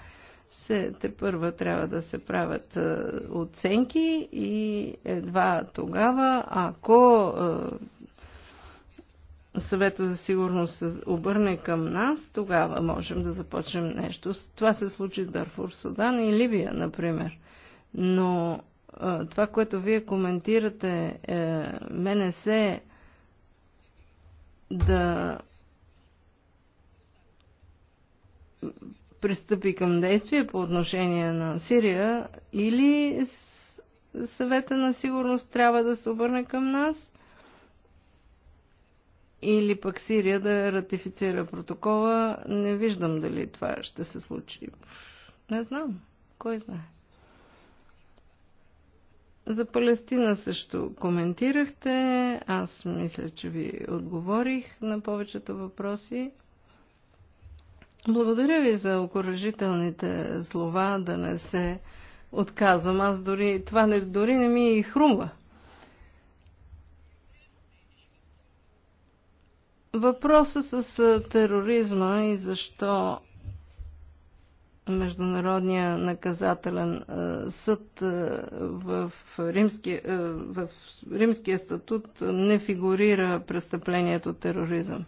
[SPEAKER 2] се, те първа трябва да се правят е, оценки и едва тогава, ако е, съвета за сигурност се обърне към нас, тогава можем да започнем нещо. Това се случи в Дарфур, Судан и Ливия, например. Но е, това, което вие коментирате, е, мене се да пристъпи към действие по отношение на Сирия или съвета на сигурност трябва да се обърне към нас или пък Сирия да ратифицира протокола. Не виждам дали това ще се случи. Не знам. Кой знае? За Палестина също коментирахте. Аз мисля, че ви отговорих на повечето въпроси. Благодаря ви за окоръжителните слова, да не се отказвам. Аз дори, това не, дори не ми е и хрумва. Въпроса с тероризма и защо Международния наказателен съд в, римски, в римския статут не фигурира престъплението тероризъм.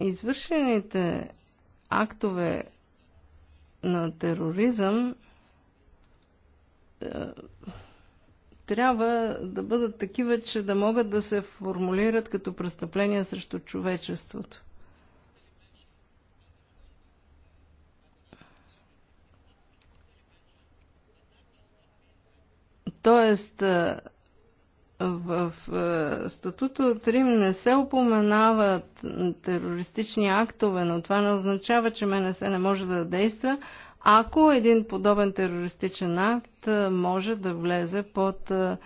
[SPEAKER 2] извършените актове на тероризъм е, трябва да бъдат такива, че да могат да се формулират като престъпления срещу човечеството. Тоест, е, в е, статута от Рим не се упоменават терористични актове, но това не означава, че МНС не може да действа, ако един подобен терористичен акт е, може да влезе под е,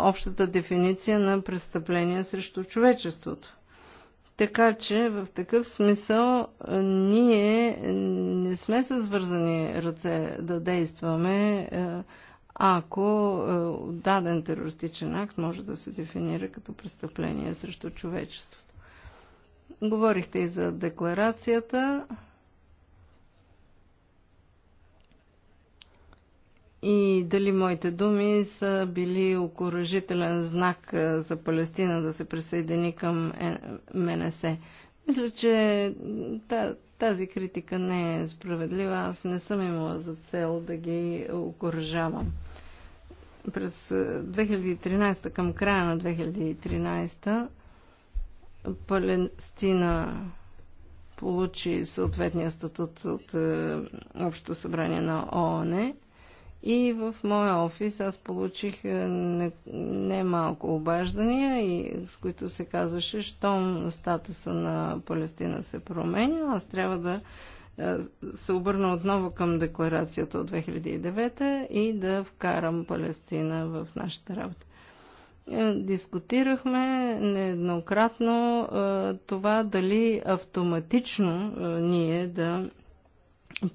[SPEAKER 2] общата дефиниция на престъпление срещу човечеството. Така че в такъв смисъл ние не сме с вързани ръце да действаме ако е, даден терористичен акт може да се дефинира като престъпление срещу човечеството. Говорихте и за декларацията. и дали моите думи са били окоръжителен знак е, за Палестина да се присъедини към е, МНС. Мисля, че тази критика не е справедлива. Аз не съм имала за цел да ги окоръжавам през 2013 е, към края на 2013 Палестина получи съответния статут от е, Общото събрание на ООН и в моя офис аз получих е, немалко не обаждания, и, с които се казваше, щом статуса на Палестина се променя, аз трябва да е, се обърна отново към декларацията от 2009 и да вкарам Палестина в нашата работа. Е, дискутирахме нееднократно е, това дали автоматично ние да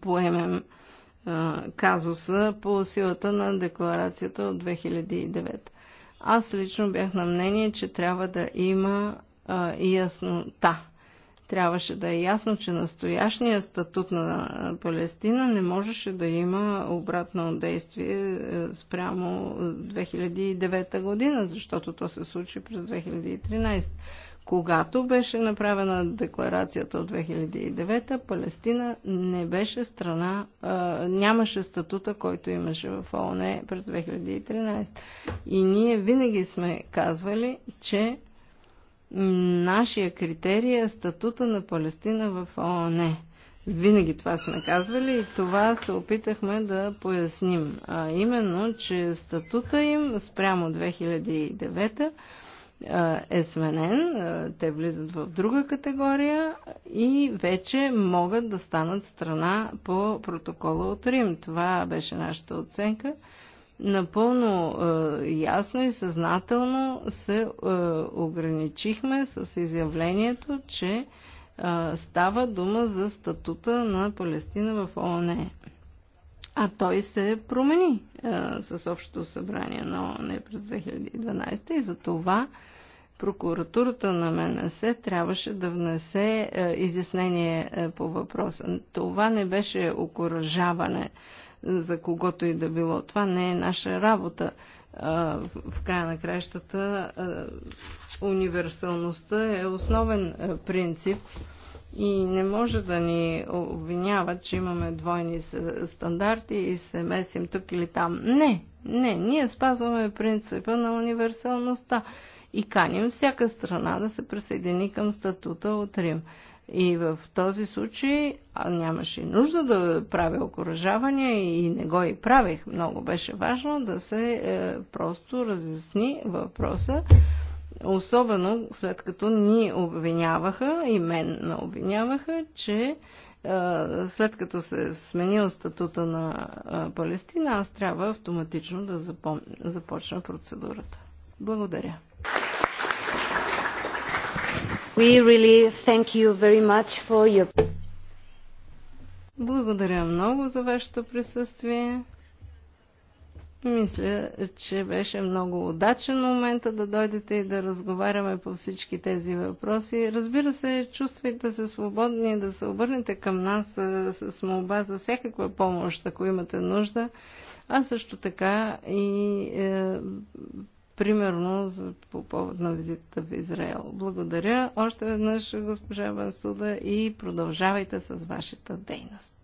[SPEAKER 2] поемем казуса по силата на декларацията от 2009. Аз лично бях на мнение, че трябва да има яснота. Трябваше да е ясно, че настоящия статут на Палестина не можеше да има обратно действие е, спрямо 2009 е, година, защото то се случи през 2013. Когато беше направена декларацията от 2009, Палестина не беше страна, нямаше статута, който имаше в ООН през 2013. И ние винаги сме казвали, че Нашия критерий е статута на Палестина в ООН. Винаги това сме казвали и това се опитахме да поясним. А именно, че статута им спрямо 2009 е сменен, те влизат в друга категория и вече могат да станат страна по протокола от Рим. Това беше нашата оценка напълно е, ясно и съзнателно се е, ограничихме с изявлението, че е, става дума за статута на Палестина в ООН. А той се промени е, с общото събрание на ООН през 2012 и за това прокуратурата на МНС трябваше да внесе е, изяснение е, по въпроса. Това не беше окоръжаване за когото и да било. Това не е наша работа. В края на краищата универсалността е основен принцип и не може да ни обвиняват, че имаме двойни стандарти и се месим тук или там. Не, не, ние спазваме принципа на универсалността и каним всяка страна да се присъедини към статута от Рим. И в този случай а нямаше нужда да правя окоръжавания и не го и правих. Много беше важно да се е, просто разясни въпроса, особено след като ни обвиняваха и мен не обвиняваха, че е, след като се е сменил статута на е, Палестина, аз трябва автоматично да започна процедурата. Благодаря.
[SPEAKER 1] We really thank
[SPEAKER 2] you very much for your... Благодаря много за вашето присъствие. Мисля, че беше много удачен момента да дойдете и да разговаряме по всички тези въпроси. Разбира се, чувствайте се свободни да се обърнете към нас с молба за всякаква помощ, ако имате нужда, а също така и е, примерно за, по повод на визитата в Израел. Благодаря още веднъж, госпожа Бансуда, и продължавайте с вашата дейност.